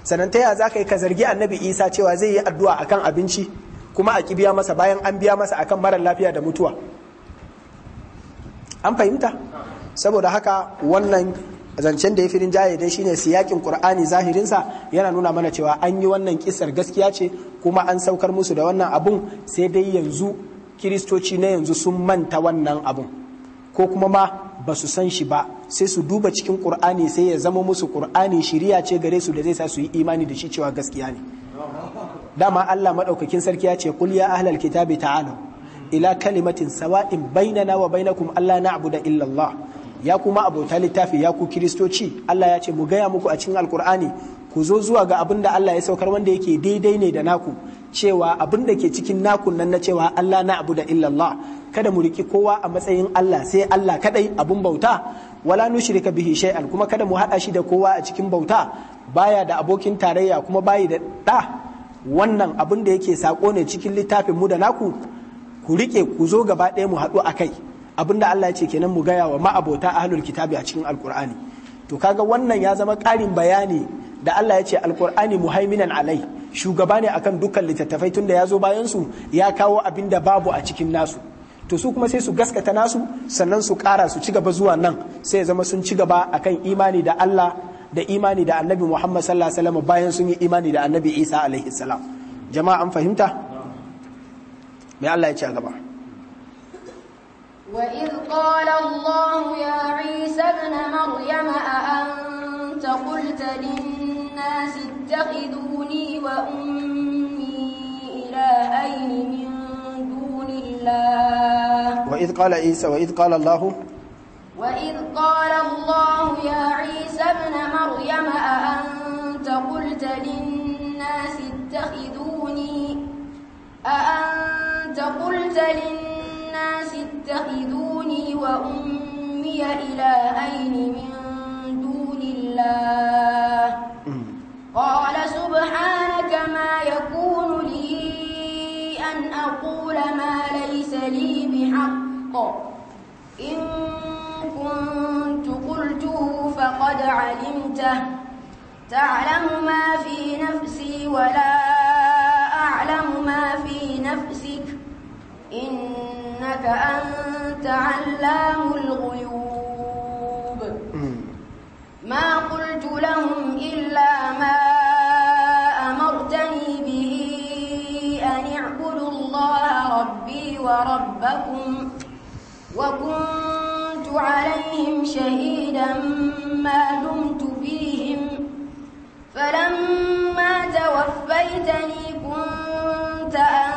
S1: sanan ta za ka yi ka zargi annabi Isa cewa zai yi addu'a akan abinci kuma a biya masa bayan an biya masa akan mara lafiya da mutuwa an fahimta saboda haka wannan zancen da ya firin jaye dai shine siyakin qur'ani zahirinsa yana nuna mana cewa an yi wannan kisar gaskiya ce kuma an saukar musu da wannan abun sai dai yanzu kiristoci na yanzu sun manta wannan abun ko kuma ma ba su san shi ba sai su duba cikin qur'ani sai ya zama musu qur'ani shiriya ce gare su da zai sa su yi imani da shi cewa gaskiya ne dama Allah madaukakin sarki ya ce kul ya ahlal kitabi ta'ala ila kalimatin sawa'in bainana wa bainakum Allah na'budu da illallah, ya kuma abota littafi ya ku kiristoci Allah ya ce mu gaya muku a cikin alkur'ani ku zo zuwa ga abin da Allah ya saukar wanda yake daidai ne da naku cewa abin da ke cikin naku nan na cewa Allah na abu da illallah kada mu riki kowa a matsayin Allah sai Allah kadai abun bauta wala nushrika bihi shay'an kuma kada mu hada shi da kowa a cikin bauta baya da abokin tarayya kuma bayi da da wannan abin da yake sako ne cikin littafin mu da naku ku rike ku zo gaba ɗaya mu haɗu a kai abinda Allah ya ce kenan mu gaya wa ma'abota ahlul kitabi a cikin alkur'ani to kaga wannan ya zama ƙarin bayani da Allah ya ce alkur'ani muhaiminan alai shugaba ne akan dukkan littattafai tunda ya zo bayan su ya kawo abin da babu a cikin nasu to su kuma sai su gaskata nasu sannan su ƙara su ci gaba zuwa nan sai ya zama sun ci gaba akan imani da Allah da imani da annabi Muhammad sallallahu alaihi wasallam bayan sun yi imani da annabi Isa alaihi salam jama'a an fahimta mai Allah ya ce a gaba وإذ قال الله يا عيسى ابن مريم أأنت قلت
S2: للناس اتخذوني وأمي إلهين من دون الله
S1: وإذ قال عيسى وإذ قال الله
S2: وإذ قال الله يا عيسى ابن مريم أأنت قلت للناس اتخذوني للناس اتخذوني وأمي إلهين من دون الله قال سبحانك ما يكون لي أن أقول ما ليس لي بحق إن كنت قلته فقد علمته تعلم ما في نفسي ولا أعلم ما في نفسي إنك أنت علام الغيوب
S1: ما قلت لهم إلا ما أمرتني به
S2: أن اعبدوا الله ربي وربكم وكنت عليهم شهيدا ما دمت فيهم فلما توفيتني كنت أنت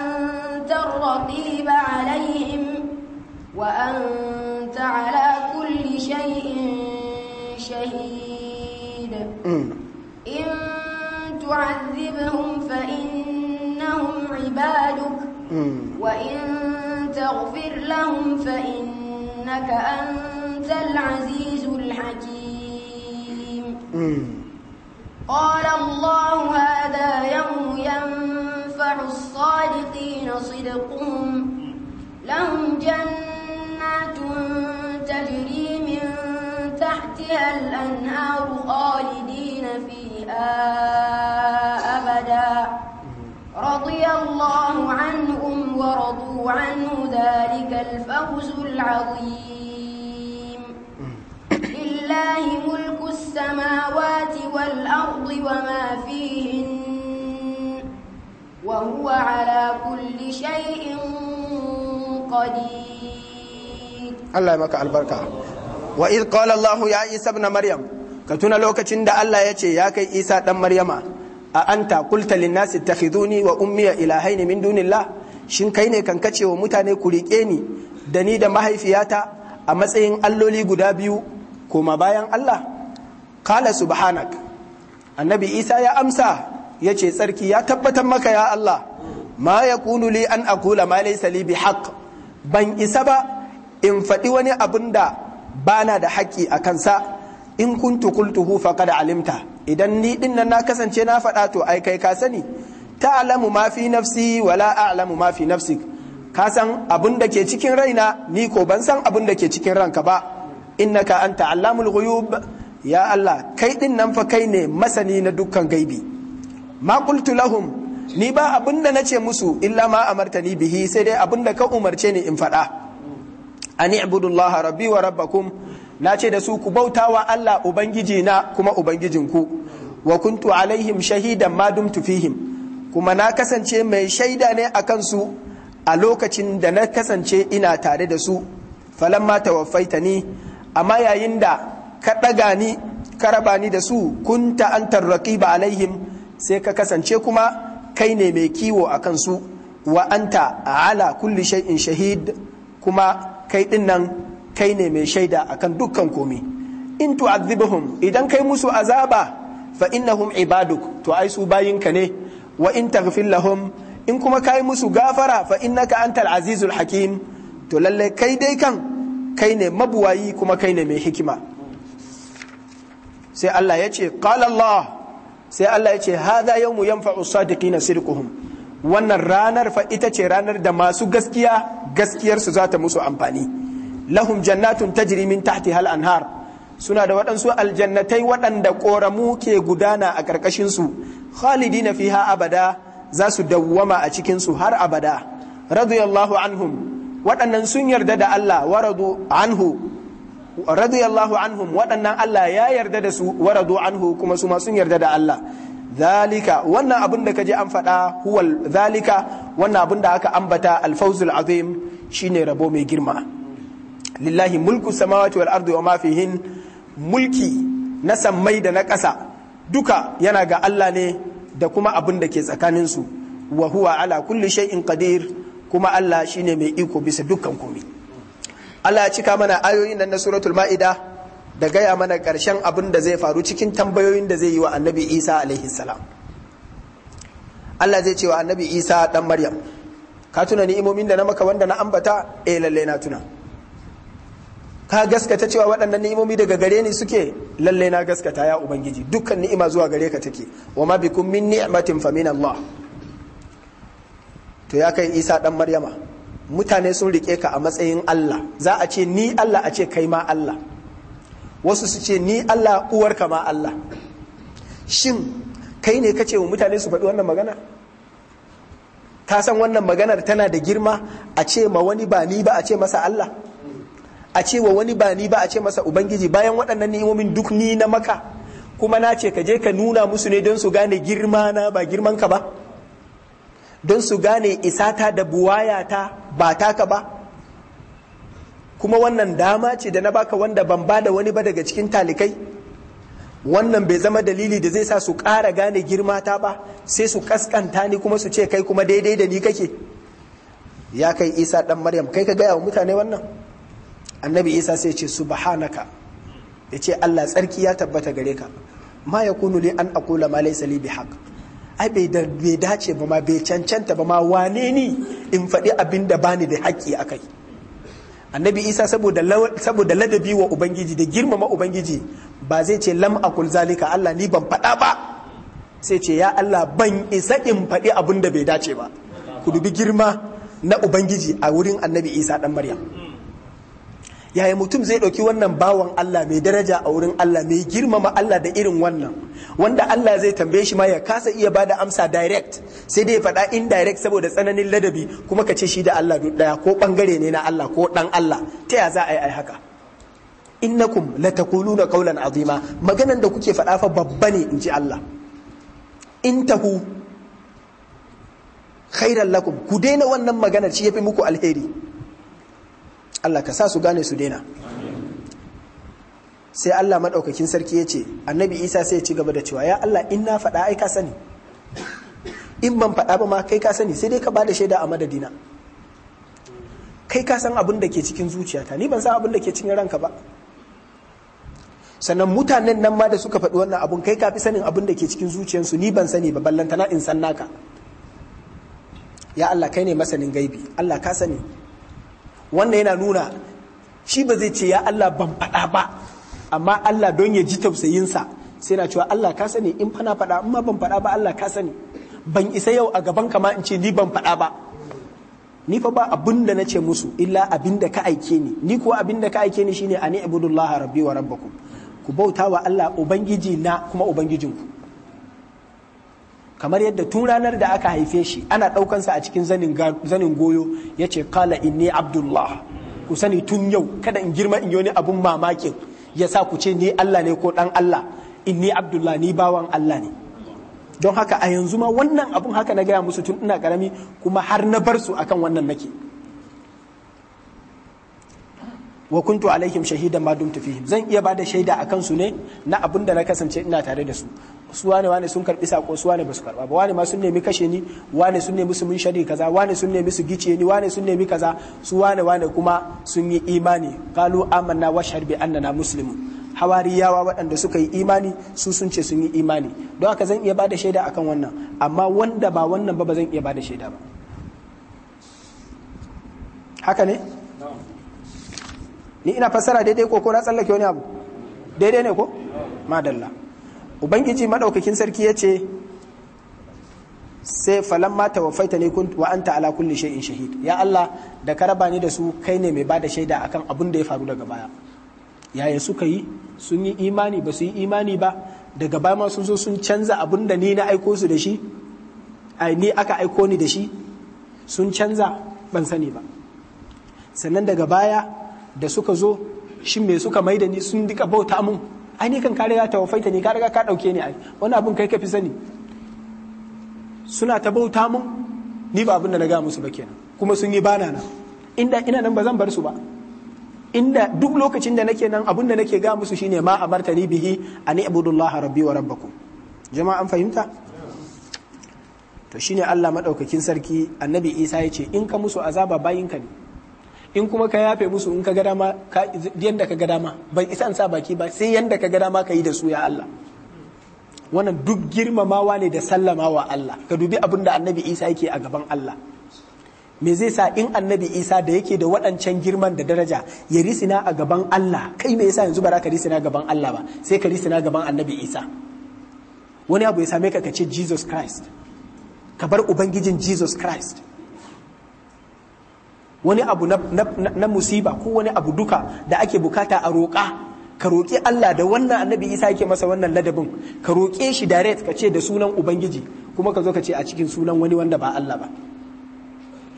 S2: الرقيب عليهم وأنت على كل شيء شهيد إن تعذبهم فإنهم عبادك وإن تغفر لهم فإنك أنت العزيز الحكيم قال الله هذا يوم ينفع يتبع الصادقين صدقهم لهم جنات تجري من تحتها الأنهار خالدين فيها أبدا رضي الله عنهم ورضوا عنه ذلك الفوز العظيم لله ملك السماوات والأرض وما فيهن وهو على كل شيء قدير
S1: الله يمك البركة وإذ قال الله يا عيسى ابن مريم كتنا لوكتين دا الله يتي يا كي عيسى دم مريم أأنت قلت للناس اتخذوني وأمي إلهين من دون الله shin kai ne kan kace wa mutane ku riƙe ni da ni da mahaifiyata a matsayin alloli guda biyu koma bayan Allah kala subhanak annabi isa ya amsa ya ce tsarki ya tabbatar maka ya Allah ma ya li an akula ma laysa li ban isa ba in faɗi wani abin da bana da haƙƙi a kansa in kuntu qultuhu faqad alimta idan ni din nan na kasance na faɗa to ai kai ka sani ta'lamu ma fi nafsi wala a'lamu ma fi nafsi. ka san abin da ke cikin raina ni ko ban san abin da ke cikin ranka ba innaka anta allamul ghuyub ya Allah kai din nan fa kai ne masani na dukkan gaibi ma qultu lahum ni ba abin da na ce musu illa ma amartani bihi sai dai abin da ka umarce ni in faɗa ani ibudullaha rabbi wa rabbakum na ce da su ku bauta wa Allah ubangiji na kuma ubangijinku wa kuntu alaihim shahidan ma dumtu fihim kuma na kasance mai shaida ne a kansu a lokacin da na kasance ina tare da su falamma tawaffaitani amma yayin da ka ɗaga ni ka raba ni da su kunta antar raqiba alaihim sai ka kasance kuma kai ne mai kiwo a kansu wa anta ala kulli shay'in shahid kuma kai din nan kai ne mai shaida akan dukkan komi in tu'adhibuhum idan kai musu azaba fa innahum ibaduk to ai su bayinka ne wa in taghfir lahum in kuma kai musu gafara fa innaka antal azizul hakim to lalle kai dai kan kai ne mabuwayi kuma kai ne mai hikima sai Allah ya ce qala Allah sai Allah ya ce hadha yawmu yanfa'u sadiqina sirquhum wannan ranar fa ita ce ranar da masu gaskiya gaskiyarsu zata musu amfani lahum jannatun tajri min tahti hal anhar suna da waɗansu aljannatai waɗanda ƙoramu ke gudana a ƙarƙashinsu khalidina fiha abada za su dawwama a cikinsu har abada radiyallahu anhum waɗannan sun yarda da Allah wa radu anhu radiyallahu anhum waɗannan Allah ya yarda da su waradu anhu kuma su ma sun yarda da Allah zalika wannan abin da kaje an faɗa huwal zalika wannan abin da aka ambata alfawzul azim shine rabo mai girma lillahi mulku samawati wal ardi wa ma fihin mulki na sammai da na ƙasa duka yana ga Allah ne da kuma abin da ke tsakanin su wa huwa ala kulli shay'in qadir kuma Allah shine mai iko bisa dukkan komai Allah ya cika mana ayoyin nan na suratul ma'ida da gaya mana ƙarshen abin da zai faru cikin tambayoyin da zai yi wa annabi isa alaihi salam Allah zai ce wa annabi isa dan maryam ka tuna ni'imomin da na maka wanda na ambata eh lalle na tuna ka gaskata cewa waɗannan ni'imomi daga gare ni suke lalle na gaskata ya ubangiji dukkan ni'ima zuwa gare ka take wa ma bikum min ni'matin fa min Allah to ya kai Isa dan Maryama mutane sun rike ka a matsayin Allah za a ce ni Allah a ce kai ma Allah wasu su ce ni Allah uwarka ma Allah shin kai ne kace wa mutane su faɗi wannan magana ka san wannan maganar tana da girma a ce ma wani ba ni ba a ce masa Allah a ce wa wani ba ni ba a ce masa ubangiji bayan waɗannan ni'imomin duk ni na maka kuma na ce ka je ka nuna musu ne don su gane girma na ba girman ka ba don su gane isata da buwayata ba taka ba kuma wannan dama ce da na baka wanda ban bada wani ba daga cikin talikai wannan bai zama dalili da zai sa su kara gane girmata ba sai su kaskanta ni kuma su ce kai kuma daidai da ni kake ya kai isa ɗan maryam kai ka gaya wa mutane wannan annabi isa sai ce subhanaka ya ce allah tsarki ya tabbata gare ka ma ya kunu li an akula ma laysa li bihaq ai bai dace ba ma bai cancanta ba ma wane ni in faɗi abin da bani da haƙƙi a kai annabi isa saboda ladabi wa ubangiji da girmama ubangiji ba zai ce lam akul zalika allah ni ban faɗa ba sai ce ya allah ban isa in faɗi abin da bai dace ba ku dubi girma na ubangiji a wurin annabi isa ɗan maryam yaya mutum zai ɗauki wannan bawan Allah mai daraja a wurin Allah mai girmama Allah da irin wannan wanda Allah zai tambaye shi ma ya kasa iya bada amsa direct sai dai ya faɗa indirect saboda tsananin ladabi kuma ka ce shi da Allah duk ɗaya ko ɓangare ne na Allah ko ɗan Allah ta ya za a yi ai haka innakum taquluna qawlan azima maganan da kuke faɗa fa babba ne in ji Allah intahu khairan lakum ku daina wannan maganar shi yafi muku alheri Allah ka sa su gane su daina sai Allah maɗaukakin sarki ya ce annabi isa sai ya ci gaba da cewa ya Allah in na faɗa ai ka sani in ban faɗa ba ma kai ka sani sai dai ka bada shaida a madadina kai ka san abin da ke cikin zuciyata ni ban san abin da ke cikin ranka ba sannan mutanen nan ma da suka faɗi wannan abun kai ka fi sanin abin da ke cikin zuciyarsu ni ban sani ba ballantana in san naka ya Allah kai ne masanin gaibi Allah ka sani wannan yana nuna shi ba zai ce ya Allah ban faɗa ba amma Allah don ya ji tausayinsa sai na cewa Allah ka sani in fana faɗa in ban faɗa ba Allah ka sani ban isa yau a gaban kama in ce ni ban faɗa ba ni fa ba abin na ce musu illa abin ka aike ni ni kuwa abinda ka aike ni shine ani ibudullaha rabbi wa rabbakum ku bauta wa Allah ubangiji na kuma ubangijinku kamar yadda tun ranar da aka haife shi ana ɗaukansa a cikin zanin goyo ya ce kala inni abdullah ku sani tun yau kada in girma in yoni abun mamakin ya sa ku ce ni allah ne ko ɗan allah inni abdullah ni bawan allah ne don haka a yanzu ma wannan abun haka na gaya musu tun ina karami kuma har na bar su akan wannan nake wa kuntu alaihim shahidan ma dumtu fihim zan iya bada shaida akan su ne na abin da na kasance ina tare da su su wane wane sun karbi sako su wane basu karba ba wane ma sun nemi kashe ni wane sun nemi su mun shari kaza wane sun nemi su gice ni wane sun nemi kaza su wane wane kuma sun yi imani qalu amanna wa shahid bi annana muslimun hawariyawa waɗanda suka yi imani su sun ce sun yi imani don haka zan iya bada shaida akan wannan amma wanda ba wannan ba ba zan iya bada shaida ba haka ne ni ina fassara daidai ko ko na tsallake wani abu daidai ne ko madalla ubangiji madaukakin sarki ya ce sai falan mata wa faita ne wa an ala kulli in shahid ya Allah da ka raba ni da su kai ne mai bada shaida akan abin da ya faru daga baya yaya suka yi sun yi imani ba su yi imani ba daga baya ma sun zo sun canza abin da ni na aiko su da shi ai ni aka aiko ni da shi sun canza ban sani ba sannan daga baya da suka zo shin me suka maida ni sun dika bauta mun ai ni kan kare ya tawafaita ne ka riga ka dauke ni ai wani abun kai ka fi sani suna ta bauta mun ni ba abin da na ga musu ba kenan kuma sun yi bana na inda ina nan ba zan bar su ba inda duk lokacin da nake nan abin da nake ga musu shine ma amartani bihi ani ibudullaha rabbi wa rabbakum jama'a fahimta to shine Allah madaukakin sarki annabi Isa ya ce in ka musu azaba bayinka ne in kuma ka yafe musu in ka ga dama yadda ka ga dama ban isa an sa baki ba sai yadda ka ga dama ka yi da su ya Allah wannan duk girmamawa ne da sallamawa Allah ka dubi abin da annabi Isa yake a gaban Allah me zai sa in annabi Isa da yake da waɗancan girman da daraja ya risina a gaban Allah kai me yasa yanzu ba ka risina gaban Allah ba sai ka risina gaban annabi Isa wani abu ya same ka ka ce Jesus Christ ka bar ubangijin Jesus Christ wani abu na musiba ko wani abu duka da ake bukata a roƙa ka roƙi Allah da wannan annabi Isa yake masa wannan ladabin ka roƙe shi direct ka ce da sunan ubangiji kuma ka zo ka ce a cikin sunan wani wanda ba Allah ba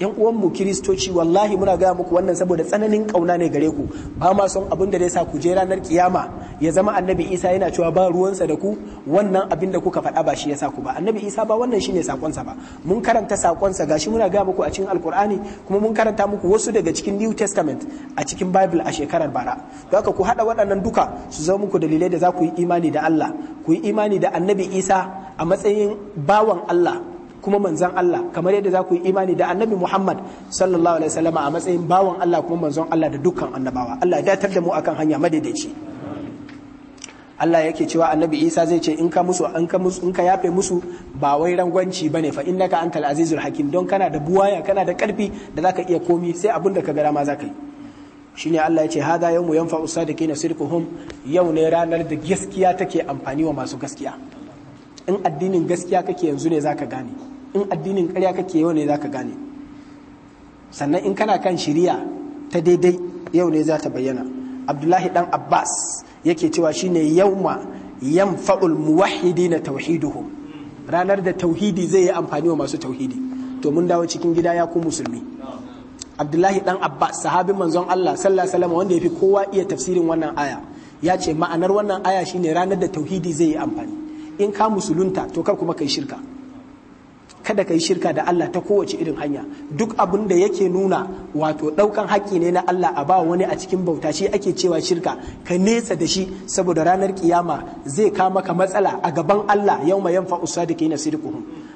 S1: yan uwanmu kiristoci wallahi muna gaya muku wannan saboda tsananin kauna ne gare ku ba ma son abin da zai sa ku je ranar kiyama ya zama annabi isa yana cewa ba ruwansa da ku wannan abin da kuka faɗa ba shi ya sa ku ba annabi isa ba wannan shine sakonsa ba mun karanta sakonsa gashi muna gaya muku a cikin alkur'ani kuma mun karanta muku wasu daga cikin new testament a cikin bible a shekarar bara don haka ku haɗa waɗannan duka su zama muku dalilai da za ku yi imani da allah ku yi imani da annabi isa a matsayin bawan allah kuma manzon Allah kamar yadda za ku yi imani da annabi Muhammad sallallahu alaihi wasallam a matsayin bawan Allah kuma manzon Allah da dukkan annabawa Allah ya datar da mu akan hanya madaidaici Allah yake cewa annabi Isa zai ce in ka musu an ka musu in ka yafe musu ba wai rangwanci bane fa innaka antal azizul hakim don kana da buwaya kana da karfi da zaka iya komi sai abin da ka ga dama zaka yi shine Allah ya ce hada yawmu yanfa'u sadiqina sirquhum yau ne ranar da gaskiya take amfani wa masu gaskiya in addinin gaskiya kake yanzu ne zaka gane in addinin karya kake yau ne za ka gane sannan in kana kan shiriya ta daidai yau ne za ta bayyana abdullahi dan abbas yake cewa shine yauma muwahidi na tauhiduhum ranar da tauhidi zai yi amfani wa masu tauhidi to mun dawo cikin gida ya ku musulmi abdullahi dan abbas sahabin manzon allah sallallahu alaihi ya wanda yafi kowa iya tafsirin wannan aya ya ce ma'anar wannan aya shine ranar da tauhidi zai yi amfani in ka musulunta to kar kuma kai shirka kada ka yi shirka da Allah ta kowace irin hanya duk abin da yake nuna wato ɗaukan haƙƙi ne na Allah a ba wani a cikin bauta shi ake cewa shirka ka nesa da shi saboda ranar kiyama zai kama ka matsala a gaban Allah yau ma mai yanfa usadikina sidquhum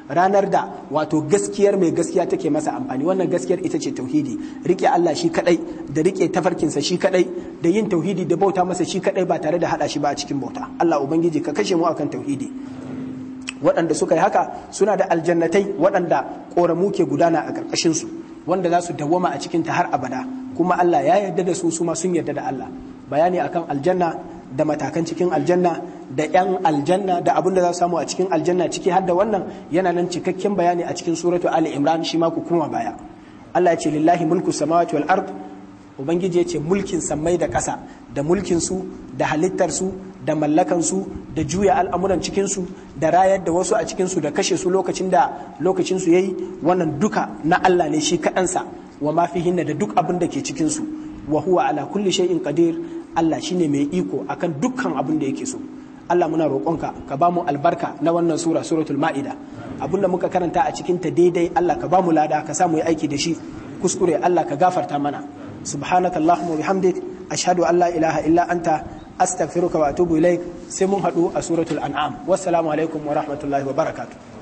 S1: ranar da wato gaskiyar mai gaskiya take masa amfani wannan gaskiyar ita ce tauhidi rike Allah shi kadai da rike tafarkinsa shi kadai da yin tauhidi da bauta masa shi kadai ba tare da hada shi ba a cikin bauta Allah ubangiji ka kashe mu akan tauhidi waɗanda suka yi haka suna da aljannatai waɗanda ƙoramu ke gudana a ƙarƙashinsu wanda za su dawwama a cikinta har abada kuma Allah ya yarda da su suma sun yarda da Allah bayani akan aljanna da matakan cikin aljanna da 'yan aljanna da abin da za su samu a cikin aljanna ciki har da wannan yana nan cikakken bayani a cikin suratu Ali Imran shi ma ku kuma baya Allah ya ce lillahi mulku samawati wal ard ubangiji ya ce mulkin sammai da ƙasa da mulkin su da halittar su da mallakansu da juya al'amuran cikinsu da rayar da wasu a cikinsu da kashe su lokacin da lokacinsu ya yi wannan duka na Allah ne shi kaɗansa wa mafi hinna da duk abin da ke cikinsu wa huwa ala kulli shay'in qadir Allah shine mai iko akan dukkan abin da yake so Allah muna roƙonka ka ba mu albarka na wannan sura suratul ma'ida abin da muka karanta a cikin ta daidai Allah ka ba mu lada ka sa mu yi aiki da shi kuskure Allah ka gafarta mana subhanakallahumma wa bihamdik ashhadu an la ilaha illa anta astaghfiruka wa atubu ilaik sai mun haɗu a suratul an'am wassalamu alaikum wa rahmatullahi wa barakatuh